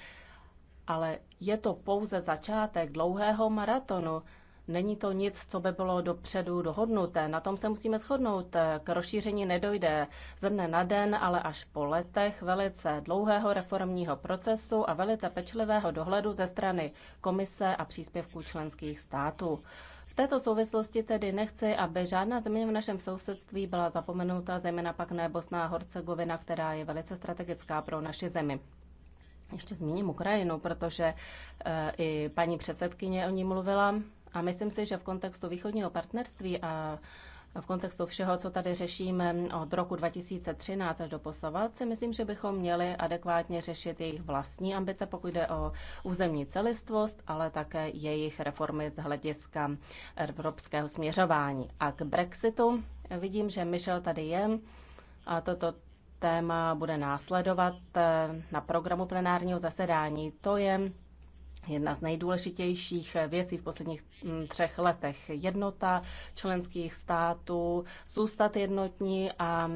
[SPEAKER 5] ale je to pouze začátek dlouhého maratonu. Není to nic, co by bylo dopředu dohodnuté. Na tom se musíme shodnout. K rozšíření nedojde ze dne na den, ale až po letech velice dlouhého reformního procesu a velice pečlivého dohledu ze strany komise a příspěvků členských států této souvislosti tedy nechci, aby žádná země v našem sousedství byla zapomenuta, zejména pak ne Bosna a Hercegovina, která je velice strategická pro naši zemi. Ještě zmíním Ukrajinu, protože eh, i paní předsedkyně o ní mluvila. A myslím si, že v kontextu východního partnerství a v kontextu všeho, co tady řešíme od roku 2013 až do posovat, si myslím, že bychom měli adekvátně řešit jejich vlastní ambice, pokud jde o územní celistvost, ale také jejich reformy z hlediska evropského směřování. A k Brexitu vidím, že Michel tady je a toto téma bude následovat eh, na programu plenárního zasedání. To je jedna z nejdůležitějších věcí v posledních mm, třech letech. Jednota členských států, zůstat jednotní a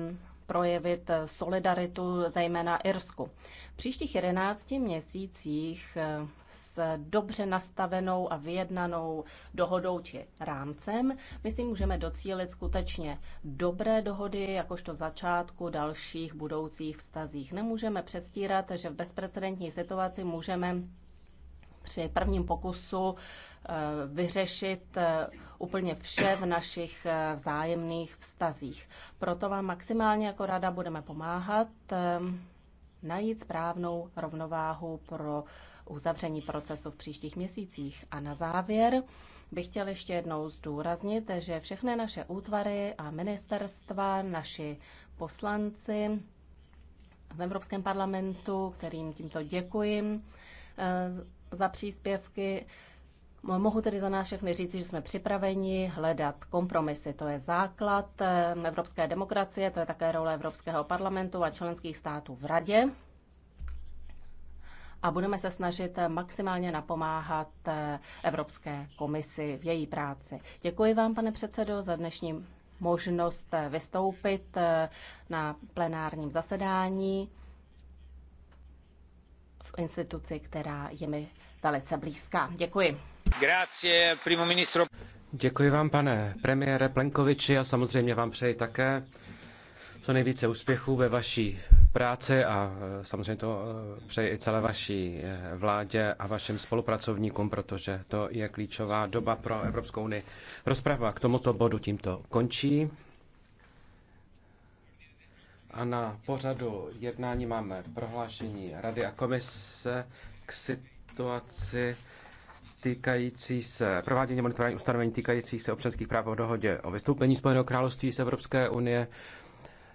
[SPEAKER 5] projevit solidaritu zejména Irsku. V příštích 11 měsících eh, s dobře nastavenou a vyjednanou dohodou či rámcem, my si můžeme docílit skutečně dobré dohody, jakožto začátku dalších budoucích vztazích. Nemůžeme předstírat, že v bezprecedentní situaci můžeme při prvním pokusu eh, vyřešit eh, úplně vše v našich eh, vzájemných vztazích. Proto vám maximálně jako rada budeme pomáhat najít správnou rovnováhu pro uzavření procesu v příštích měsících. A na závěr bych chtěl ještě jednou zdůraznit, že všechny naše útvary a ministerstva, naši poslanci v Evropském parlamentu, kterým tímto děkuji, za příspěvky. Mohu tedy za nás všechny říct, že jsme připraveni hledat kompromisy. To je základ eh, evropské demokracie, to je také role Evropského parlamentu a členských států v radě. A budeme se snažit eh, maximálně napomáhat eh, Evropské komisi v její práci. Děkuji vám, pane předsedo, za dnešní možnost vystoupit na plenárním zasedání instituci, která je mi velice blízká. Děkuji.
[SPEAKER 4] Grazie, primo ministro. Děkuji vám, pane premiére Plenkoviči, a samozřejmě vám přeji také co nejvíce úspěchů ve vaší práci a e, samozřejmě to e, přeji i celé vaší e, vládě a vašim spolupracovníkům, protože to je klíčová doba pro Evropskou unii. Rozprava k tomuto bodu tímto končí. A na pořadu jednání máme prohlášení Rady a komise k situaci týkající se provádění monitorování ustanovení týkajících se občanských práv o dohodě o vystoupení Spojeného království z Evropské unie.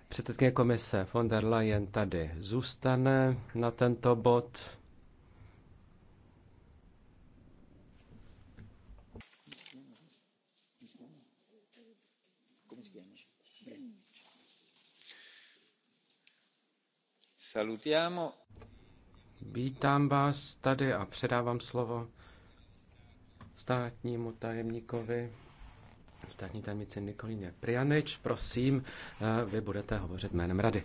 [SPEAKER 4] Předsedkyně komise von der Leyen tady zůstane na tento bod. Salutiamo. Vítám vás tady a předávám slovo státnímu tajemníkovi, státní tajemnici Nikolíně Prianič. Prosím, eh, vy budete hovořit jménem rady.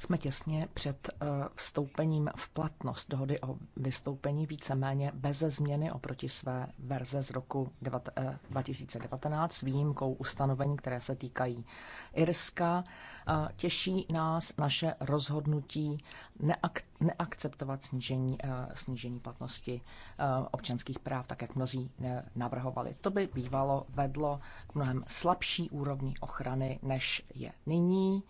[SPEAKER 6] Jsme těsně před eh, vstoupením v platnost dohody o vystoupení víceméně bez změny oproti své verze z roku 2019 eh, s výjimkou ustanovení, které se týkají Irska. Eh, těší nás naše rozhodnutí neak- neakceptovat snížení, snížení platnosti občanských práv, tak jak mnozí navrhovali. To by bývalo vedlo k mnohem slabší úrovni ochrany, než je nyní.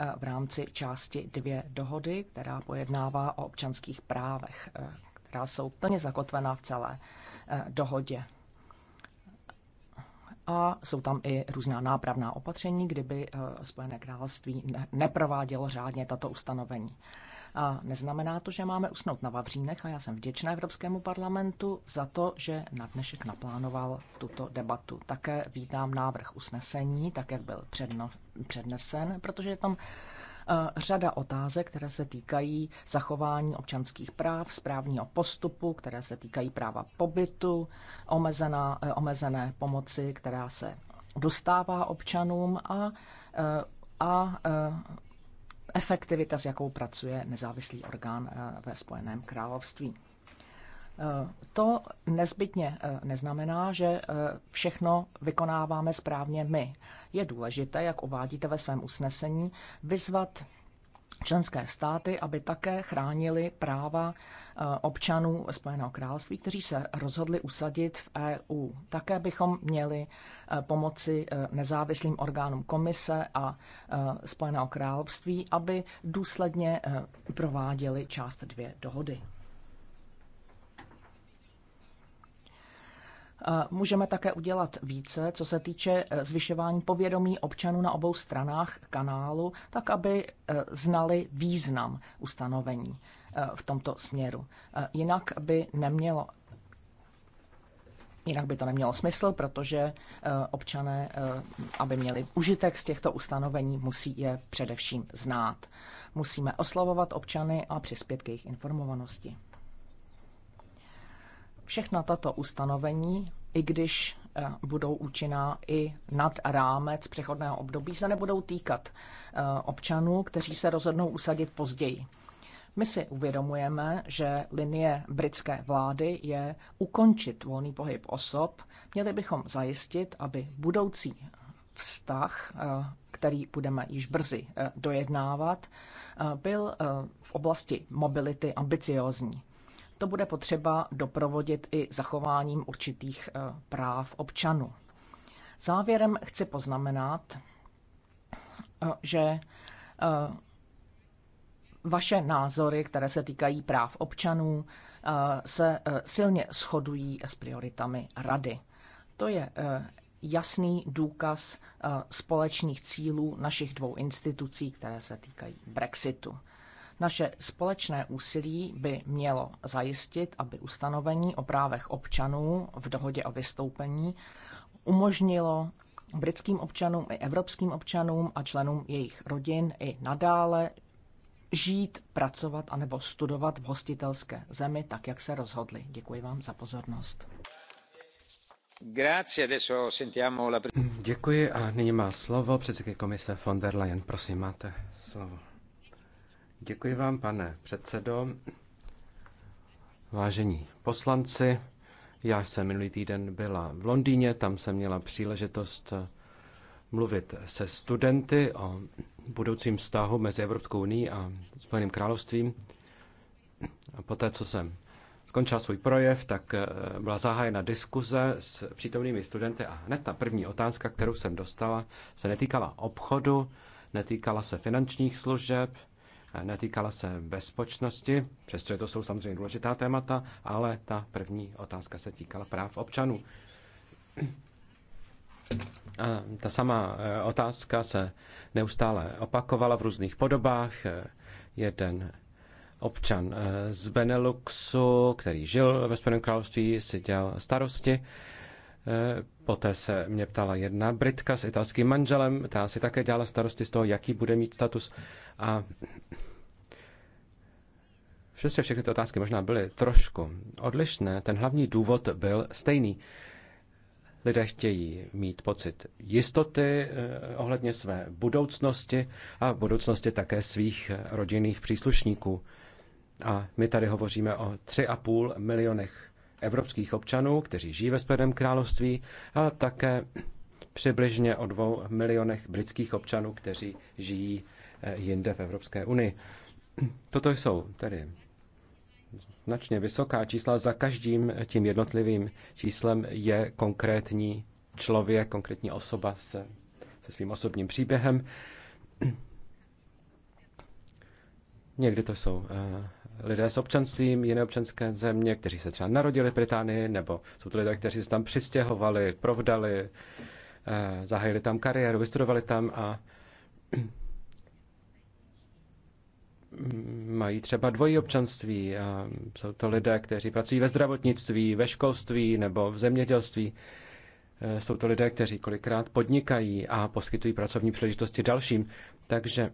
[SPEAKER 6] Eh, v rámci části dvě dohody, která pojednává o občanských právech, eh, která jsou plně zakotvená v celé eh, dohodě. A jsou tam i různá nápravná opatření, kdyby Spojené království neprovádělo řádně tato ustanovení. A neznamená to, že máme usnout na Vavřínech a já jsem vděčná Evropskému parlamentu za to, že na dnešek naplánoval tuto debatu. Také vítám návrh usnesení, tak jak byl předno, přednesen, protože je tam eh, řada otázek, které se týkají zachování občanských práv, správního postupu, které se týkají práva pobytu, omezená, eh, omezené pomoci, která se dostává občanům a, eh, a, a efektivita, s jakou pracuje nezávislý orgán eh, ve Spojeném království. Eh, to nezbytně eh, neznamená, že všechno vykonáváme správně my. Je důležité, jak uvádíte ve svém usnesení, vyzvat členské státy, aby také chránili práva eh, občanů Spojeného království, kteří se rozhodli usadit v EU. Také bychom měli eh, pomoci eh, nezávislým orgánům komise a Spojeného království, aby důsledně prováděli část dvě dohody. Můžeme také udělat více, co se týče e, zvyšování povědomí občanů na obou stranách kanálu, tak aby e, znali význam ustanovení e, v tomto směru. Jinak by nemělo Jinak by to nemělo smysl, protože občané, aby měli užitek z těchto ustanovení, musí je především znát. Musíme oslavovat občany a přispět k jejich informovanosti. Všechna tato ustanovení i když eh, budou účinná i nad rámec přechodného období, se nebudou týkat eh, občanů, kteří se rozhodnou usadit později. My si uvědomujeme, že linie britské vlády je ukončit volný pohyb osob. Měli bychom zajistit, aby budoucí vztah, eh, který budeme již brzy dojednávat, byl v oblasti mobility ambiciozní. To bude potřeba doprovodit i zachováním určitých eh, práv občanů. Závěrem chci poznamenat, eh, že eh, vaše názory, které se týkají práv občanů, se silně shodují s prioritami Rady. To je jasný důkaz společných cílů našich dvou institucí, které se týkají Brexitu. Naše společné úsilí by mělo zajistit, aby ustanovení o právech občanů v dohodě o vystoupení umožnilo britským občanům i evropským občanům a členům jejich rodin i nadále žít, pracovat anebo studovat v hostitelské zemi, tak jak se rozhodli. Děkuji vám za pozornost.
[SPEAKER 4] Děkuji a nyní má slovo předsedkyně komise von der Leyen. Prosím, máte slovo. Děkuji vám, pane předsedo. Vážení poslanci, já jsem minulý týden byla v Londýně, tam jsem měla příležitost mluvit se studenty o budoucím vztahu mezi Evropskou unii a Spojeným královstvím. A poté, co jsem skončila svůj projev, tak eh, byla zahájena diskuze s přítomnými studenty a hned ta první otázka, kterou jsem dostala, se netýkala obchodu, netýkala se finančních služeb, netýkala se bezpečnosti, přestože to jsou samozřejmě důležitá témata, ale ta první otázka se týkala práv občanů. A ta sama eh, otázka se neustále opakovala v různých podobách. Jeden občan eh, z Beneluxu, který žil ve Spojeném království, si dělal starosti eh, Poté se mě ptala jedna Britka s italským manželem, ta si také dělala starosti z toho, jaký bude mít status. A všechny, všechny ty otázky možná byly trošku odlišné. Ten hlavní důvod byl stejný. Lidé chtějí mít pocit jistoty eh, ohledně své budoucnosti a budoucnosti také svých rodinných příslušníků. A my tady hovoříme o 3,5 milionech evropských občanů, kteří žijí ve Spojeném království, ale také přibližně o dvou milionech britských občanů, kteří žijí eh, jinde v Evropské unii. Toto jsou tedy značně vysoká čísla. Za každým eh, tím jednotlivým číslem je konkrétní člověk, konkrétní osoba se, se svým osobním příběhem. Někdy to jsou eh, lidé s občanstvím jiné občanské země, kteří se třeba narodili v Británii, nebo jsou to lidé, kteří se tam přistěhovali, provdali, eh, zahájili tam kariéru, vystudovali tam a mají třeba dvojí občanství. A jsou to lidé, kteří pracují ve zdravotnictví, ve školství nebo v zemědělství. Eh, jsou to lidé, kteří kolikrát podnikají a poskytují pracovní příležitosti dalším. Takže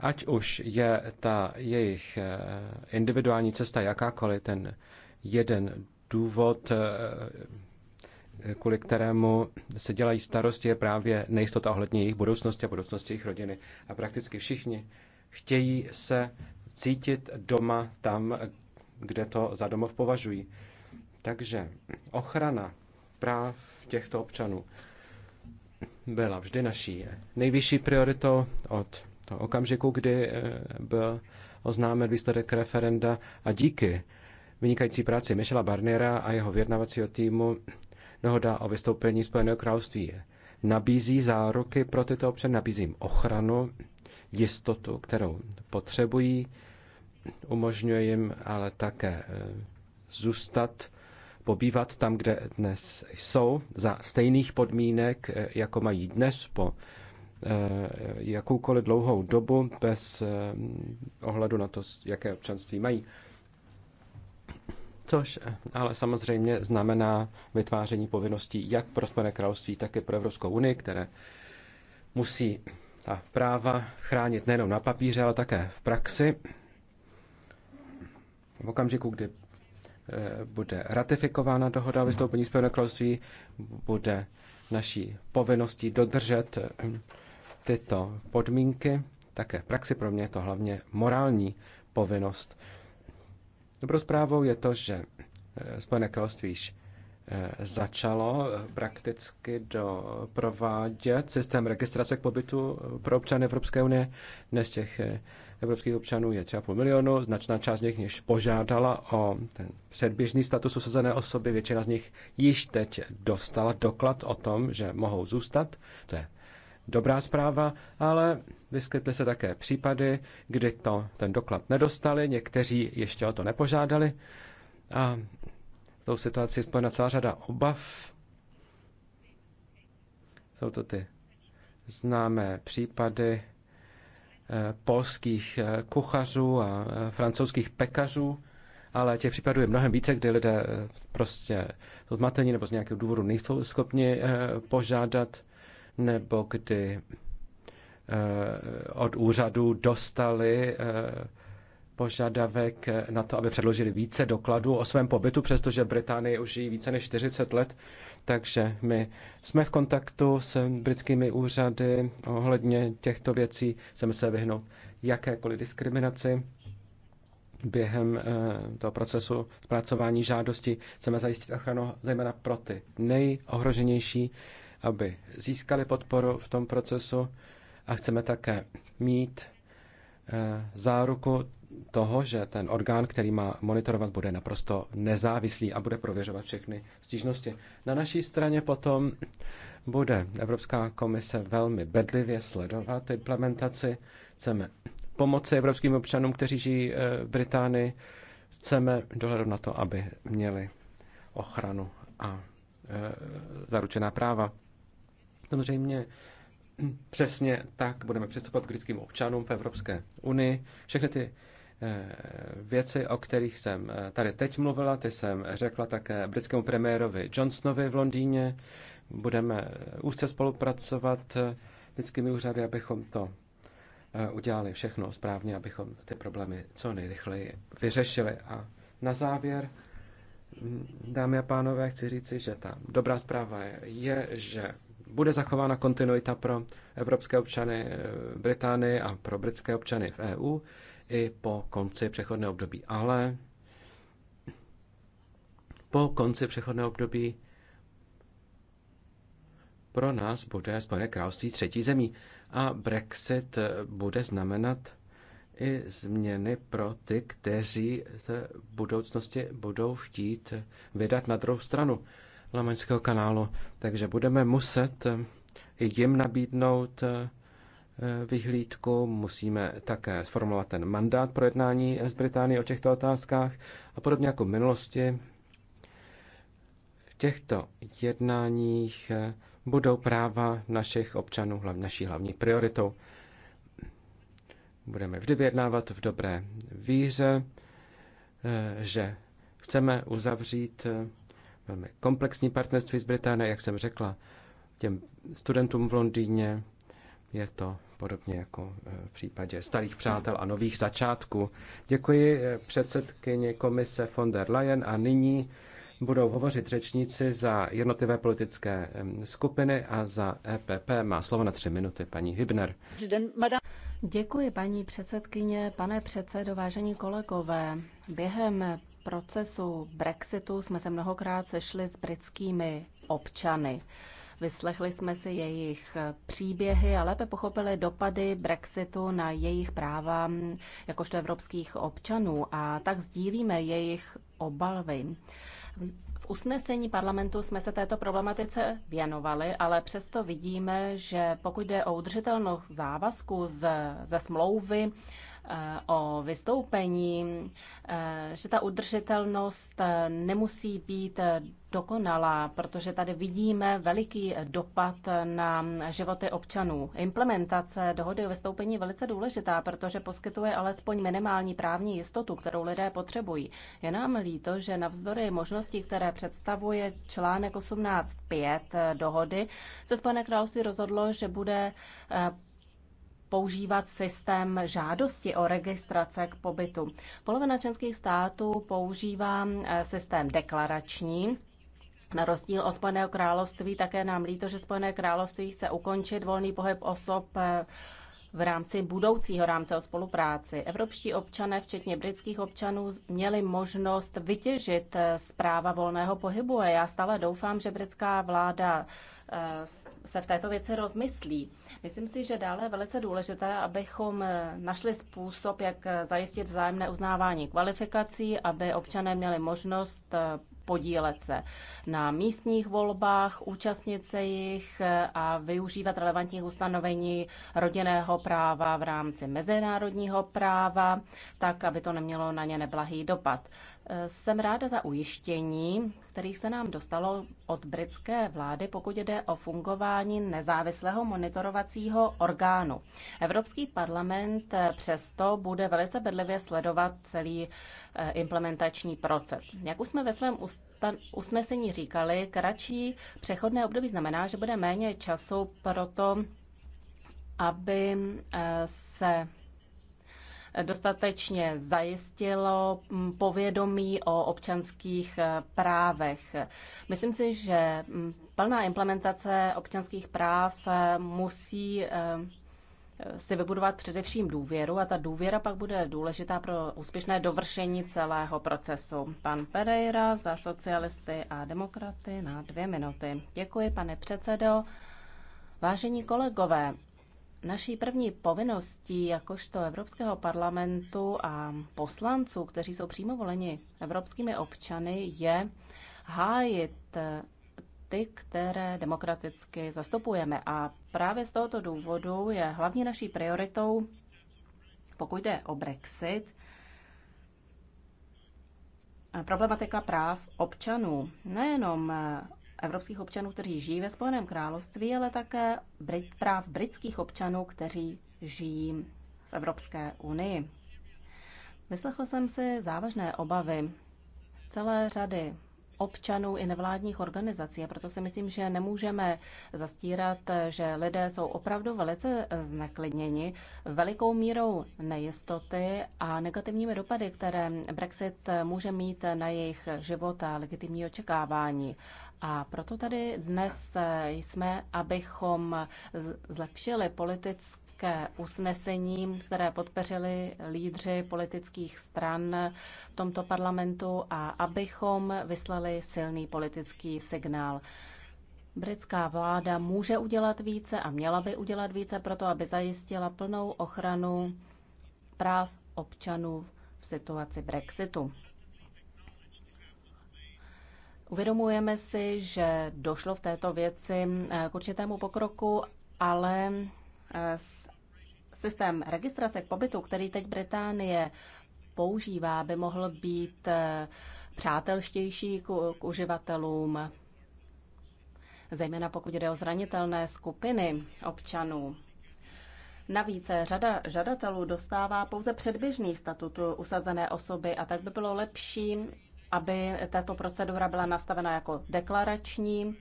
[SPEAKER 4] Ať už je ta jejich eh, individuální cesta jakákoliv, ten jeden důvod, eh, kvůli kterému se dělají starosti, je právě nejistota ohledně jejich budoucnosti a budoucnosti jejich rodiny. A prakticky všichni chtějí se cítit doma tam, kde to za domov považují. Takže ochrana práv těchto občanů byla vždy naší nejvyšší prioritou od to okamžiku, kdy eh, byl oznámen výsledek referenda a díky vynikající práci Michela Barniera a jeho vyjednavacího týmu dohoda o vystoupení Spojeného království nabízí záruky pro tyto občany, nabízí jim ochranu, jistotu, kterou potřebují, umožňuje jim ale také eh, zůstat, pobývat tam, kde dnes jsou, za stejných podmínek, eh, jako mají dnes po Eh, jakoukoliv dlouhou dobu bez eh, ohledu na to, jaké občanství mají. Což eh, ale samozřejmě znamená vytváření povinností jak pro Spojené království, tak i pro Evropskou unii, které musí ta práva chránit nejen na papíře, ale také v praxi. V okamžiku, kdy bude ratifikována dohoda o vystoupení Spojeného království, bude naší povinností dodržet tyto podmínky také v praxi. Pro mě je to hlavně morální povinnost. Dobrou zprávou je to, že eh, Spojené království již eh, začalo eh, prakticky do, provádět systém registrace k pobytu pro občany Evropské unie. Dnes těch evropských občanů je třeba půl milionu, značná část z nich již požádala o ten předběžný status usazené osoby, většina z nich již teď dostala doklad o tom, že mohou zůstat, to je dobrá zpráva, ale vyskytly se také případy, kdy to, ten doklad nedostali, někteří ještě o to nepožádali a s tou situací je spojena celá řada obav. Jsou to ty známé případy eh, polských eh, kuchařů a eh, francouzských pekařů, ale těch případů je mnohem více, kdy lidé prostě jsou zmatení nebo z nějakého důvodu nejsou schopni požádat nebo kdy eh, od úřadu dostali eh, požadavek na to, aby předložili více dokladů o svém pobytu, přestože v Británii už žijí více než 40 let. Takže my jsme v kontaktu s britskými úřady ohledně těchto věcí. Chceme se vyhnout jakékoliv diskriminaci během eh, toho procesu zpracování žádosti. Chceme zajistit ochranu zejména pro ty nejohroženější aby získali podporu v tom procesu a chceme také mít eh, záruku toho, že ten orgán, který má monitorovat, bude naprosto nezávislý a bude prověřovat všechny stížnosti. Na naší straně potom bude Evropská komise velmi bedlivě sledovat implementaci. Chceme pomoci evropským občanům, kteří žijí eh, v Británii. Chceme dohledat na to, aby měli ochranu a eh, zaručená práva. Samozřejmě přesně tak budeme přistupovat k lidským občanům v Evropské unii. Všechny ty eh, věci, o kterých jsem eh, tady teď mluvila, ty jsem řekla také britskému premiérovi Johnsonovi v Londýně. Budeme eh, úzce spolupracovat s lidskými úřady, abychom to udělali všechno správně, abychom ty problémy co nejrychleji vyřešili. A na závěr, mm, dámy a pánové, chci říci, že ta dobrá zpráva je, je že bude zachována kontinuita pro evropské občany eh, Británie a pro britské občany v EU i po konci přechodného období. Ale po konci přechodného období pro nás bude Spojené království třetí zemí a Brexit eh, bude znamenat i změny pro ty, kteří se v budoucnosti budou chtít vydat na druhou stranu. Lamaňského kanálu. Takže budeme muset i eh, jim nabídnout eh, eh, vyhlídku, musíme také sformulovat ten mandát pro jednání s Británií o těchto otázkách a podobně jako v minulosti. V těchto jednáních budou práva našich občanů hlavně naší hlavní prioritou. Budeme vždy vyjednávat v dobré víře, že chceme uzavřít velmi komplexní partnerství s Británií, jak jsem řekla, těm studentům v Londýně je to podobně jako e, v případě starých přátel a nových začátků. Děkuji e, předsedkyni komise von der Leyen a nyní budou hovořit řečníci za jednotlivé politické skupiny a za EPP. Má slovo na tři minuty paní Hybner.
[SPEAKER 5] Děkuji paní předsedkyně, pane předsedo, vážení kolegové. Během procesu Brexitu jsme se mnohokrát sešli s britskými občany. Vyslechli jsme si jejich příběhy a lépe pochopili dopady Brexitu na jejich práva jakožto evropských občanů a tak sdílíme jejich obalvy. V usnesení parlamentu jsme se této problematice věnovali, ale přesto vidíme, že pokud jde o udržitelnost závazku ze, ze smlouvy, Eh, o vystoupení, eh, že ta udržitelnost eh, nemusí být dokonalá, protože tady vidíme veliký dopad na životy občanů. Implementace dohody o vystoupení je velice důležitá, protože poskytuje alespoň minimální právní jistotu, kterou lidé potřebují. Je nám líto, že navzdory možností, které představuje článek 18.5 dohody, se Spojené království rozhodlo, že bude používat systém žádosti o registrace k pobytu. Polovina členských států používá eh, systém deklarační, na rozdíl od Spojeného království také nám líto, že Spojené království chce ukončit volný pohyb osob eh, v rámci budoucího rámce o spolupráci. Evropští občané, včetně britských občanů, měli možnost vytěžit eh, zpráva volného pohybu a já stále doufám, že britská vláda Eh, se v této věci rozmyslí. Myslím si, že dále je velice důležité, abychom eh, našli způsob, jak eh, zajistit vzájemné uznávání kvalifikací, aby občané měli možnost podílet se na místních volbách, účastnit se jich a využívat relevantních ustanovení rodinného práva v rámci mezinárodního práva, tak, aby to nemělo na ně neblahý dopad. Jsem ráda za ujištění, kterých se nám dostalo od britské vlády, pokud jde o fungování nezávislého monitorovacího orgánu. Evropský parlament přesto bude velice bedlivě sledovat celý eh, implementační proces. Jak už jsme ve svém usnesení říkali, kratší přechodné období znamená, že bude méně času pro to, aby eh, se dostatečně zajistilo povědomí o občanských právech. Myslím si, že plná implementace občanských práv musí eh, si vybudovat především důvěru a ta důvěra pak bude důležitá pro úspěšné dovršení celého procesu. Pan Pereira za socialisty a demokraty na dvě minuty. Děkuji, pane předsedo. Vážení kolegové, Naší první povinností jakožto Evropského parlamentu a poslanců, kteří jsou přímo voleni evropskými občany, je hájit ty, které demokraticky zastupujeme. A právě z tohoto důvodu je hlavní naší prioritou, pokud jde o Brexit, problematika práv občanů. Nejenom evropských občanů, kteří žijí ve Spojeném království, ale také Brit, práv britských občanů, kteří žijí v Evropské unii. Vyslechl jsem si závažné obavy celé řady občanů i nevládních organizací a proto si myslím, že nemůžeme zastírat, že lidé jsou opravdu velice zneklidněni velikou mírou nejistoty a negativními dopady, které Brexit může mít na jejich život a legitimní očekávání. A proto tady dnes eh, jsme, abychom zlepšili politické usnesení, které podpořili lídři politických stran v tomto parlamentu a abychom vyslali silný politický signál. Britská vláda může udělat více a měla by udělat více pro to, aby zajistila plnou ochranu práv občanů v situaci Brexitu. Uvědomujeme si, že došlo v této věci eh, k určitému pokroku, ale eh, systém registrace k pobytu, který teď Británie používá, by mohl být eh, přátelštější k, k uživatelům, zejména pokud jde o zranitelné skupiny občanů. Navíc řada žadatelů dostává pouze předběžný statut usazené osoby a tak by bylo lepší aby tato procedura byla nastavena jako deklarační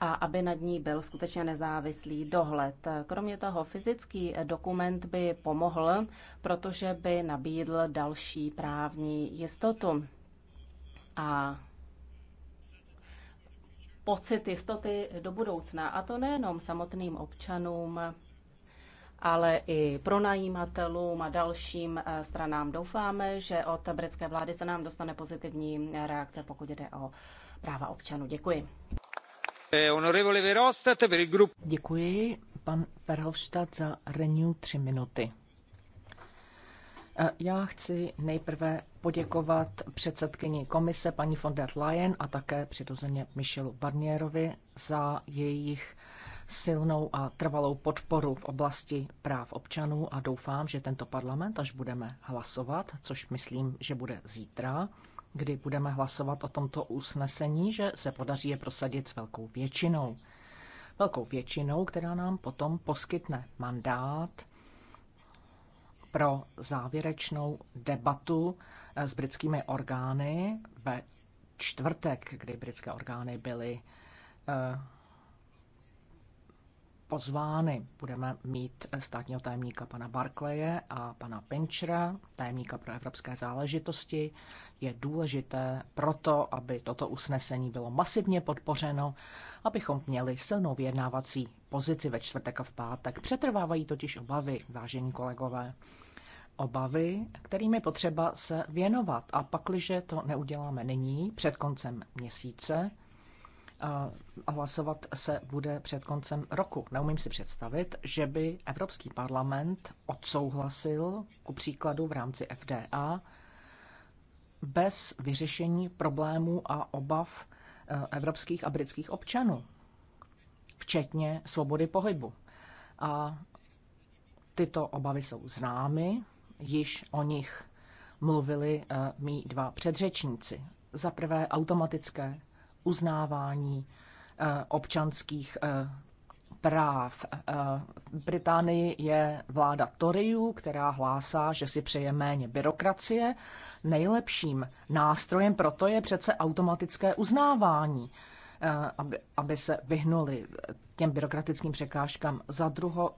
[SPEAKER 5] a aby nad ní byl skutečně nezávislý dohled. Kromě toho fyzický dokument by pomohl, protože by nabídl další právní jistotu. A pocit jistoty do budoucna, a to nejenom samotným občanům ale i pronajímatelům a dalším eh, stranám. Doufáme, že od britské vlády se nám dostane pozitivní reakce, pokud jde o
[SPEAKER 6] práva občanů. Děkuji. Eh, Děkuji, pan Verhofstadt, za Renew 3 minuty. Eh, já chci nejprve poděkovat předsedkyni komise paní von der Leyen a také přirozeně Michelu Barnierovi za jejich silnou a trvalou podporu v oblasti práv občanů a doufám, že tento parlament, až budeme hlasovat, což myslím, že bude zítra, kdy budeme hlasovat o tomto usnesení, že se podaří je prosadit s velkou většinou. Velkou většinou, která nám potom poskytne mandát pro závěrečnou debatu eh, s britskými orgány ve čtvrtek, kdy britské orgány byly eh, pozvány. Budeme mít eh, státního tajemníka pana Barclaye a pana Pinchera, tajemníka pro evropské záležitosti. Je důležité proto, aby toto usnesení bylo masivně podpořeno, abychom měli silnou vyjednávací pozici ve čtvrtek a v pátek. Přetrvávají totiž obavy, vážení kolegové. Obavy, kterým je potřeba se věnovat. A pakliže to neuděláme nyní, před koncem měsíce, a hlasovat se bude před koncem roku. Neumím si představit, že by Evropský parlament odsouhlasil, ku příkladu v rámci FDA, bez vyřešení problémů a obav e, evropských a britských občanů, včetně svobody pohybu. A tyto obavy jsou známy, již o nich mluvili e, mý dva předřečníci. Za prvé automatické uznávání eh, občanských eh, práv. Eh, v Británii je vláda Toryů, která hlásá, že si přeje méně byrokracie. Nejlepším nástrojem proto je přece automatické uznávání, aby, aby se vyhnuli těm byrokratickým překážkám. Za druho,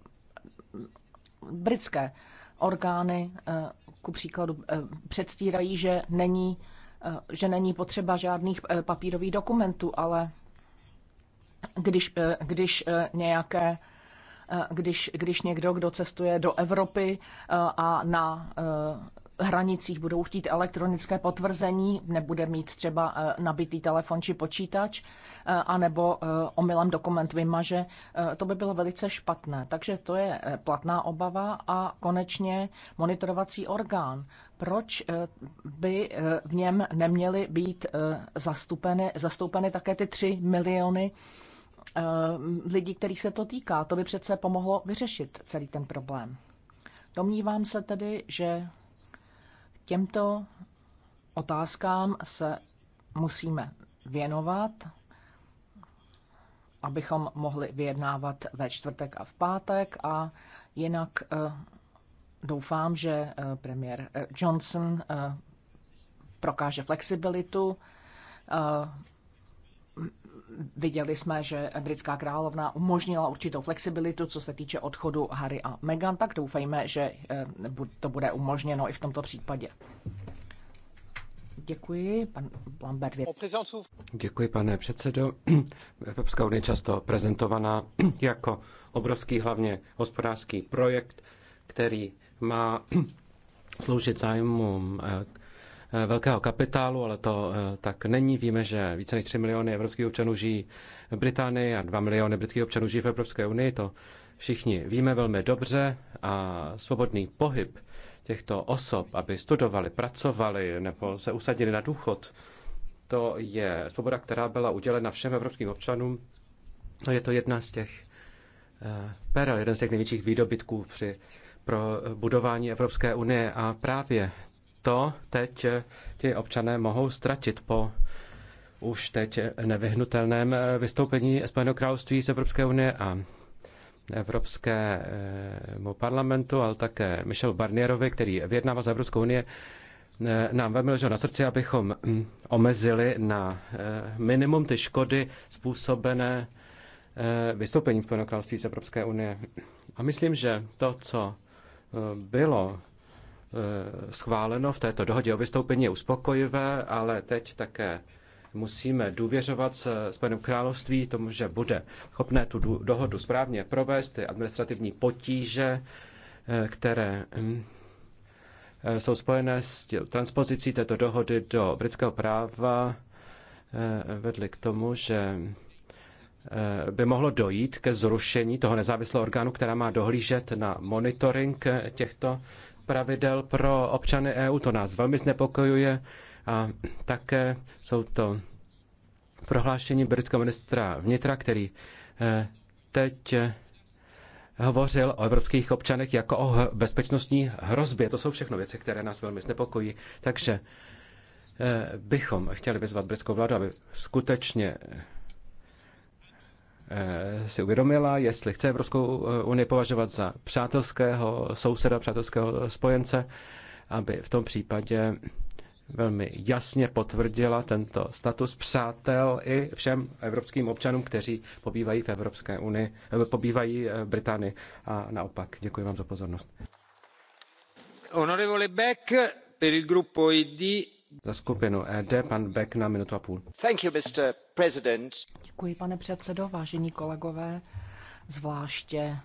[SPEAKER 6] britské orgány ku příkladu předstírají, že není Eh, že není potřeba žádných eh, papírových dokumentů, ale když, eh, když nějaké když, když někdo, kdo cestuje do Evropy a na hranicích budou chtít elektronické potvrzení, nebude mít třeba eh, nabitý telefon či počítač, eh, anebo eh, omylem dokument vymaže. To by bylo velice špatné. Takže to je platná obava a konečně monitorovací orgán. Proč by v něm neměly být zastoupeny, zastoupeny také ty 3 miliony lidí, kterých se to týká? To by přece pomohlo vyřešit celý ten problém. Domnívám se tedy, že Těmto otázkám se musíme věnovat, abychom mohli vyjednávat ve čtvrtek a v pátek a jinak eh, doufám, že eh, premiér eh, Johnson prokáže flexibilitu, Viděli jsme, že britská královna umožnila určitou flexibilitu, co se týče odchodu Harry a Meghan, tak doufejme, že eh, to bude umožněno i v tomto případě. Děkuji, pan Lambert.
[SPEAKER 4] Děkuji, pane předsedo. Evropská unie často prezentovaná jako obrovský hlavně hospodářský projekt, který má sloužit zájmům eh, Eh, velkého kapitálu, ale to eh, tak není. Víme, že více než 3 miliony evropských občanů žijí v Británii a 2 miliony britských občanů žijí v Evropské unii. To všichni víme velmi dobře a svobodný pohyb těchto osob, aby studovali, pracovali nebo se usadili na důchod, to je svoboda, která byla udělena všem evropským občanům. Je to jedna z těch eh, perel, jeden z těch největších výdobytků při pro budování Evropské unie a právě to teď eh, ti občané mohou ztratit po už teď nevyhnutelném eh, vystoupení Spojeného království z Evropské unie a Evropskému parlamentu, ale také Michel Barnierovi, který vyjednává z Evropskou unie, eh, nám velmi leželo na srdci, abychom hm, omezili na minimum ty škody způsobené vystoupením Spojeného království z Evropské unie. A myslím, že to, co bylo Eh, schváleno v této dohodě o vystoupení je uspokojivé, ale teď také musíme důvěřovat s Spojeným království tomu, že bude schopné tu dohodu správně provést, ty administrativní potíže, eh, které hm, eh, jsou spojené s transpozicí této dohody do britského práva, vedly k tomu, že by mohlo dojít ke zrušení toho nezávislého orgánu, která má dohlížet na monitoring těchto pravidel pro občany EU. To nás velmi znepokojuje a také jsou to prohlášení britského ministra vnitra, který eh, teď eh, hovořil o evropských občanech jako o bezpečnostní hrozbě. To jsou všechno věci, které nás velmi znepokojí. Takže eh, bychom chtěli vyzvat britskou vládu, aby skutečně Eh, si uvědomila, jestli chce Evropskou eh, unii považovat za přátelského souseda, přátelského spojence, aby v tom případě velmi jasně potvrdila tento status přátel i všem evropským občanům, kteří pobývají v Evropské unii, eh, pobývají v Británii a naopak. Děkuji vám za pozornost. Honorevole Beck, per il gruppo ID za skupinu ED pan Beck na minutu a půl. Thank you,
[SPEAKER 1] Mr. President.
[SPEAKER 6] Děkuji, pane předsedo, vážení kolegové, zvláště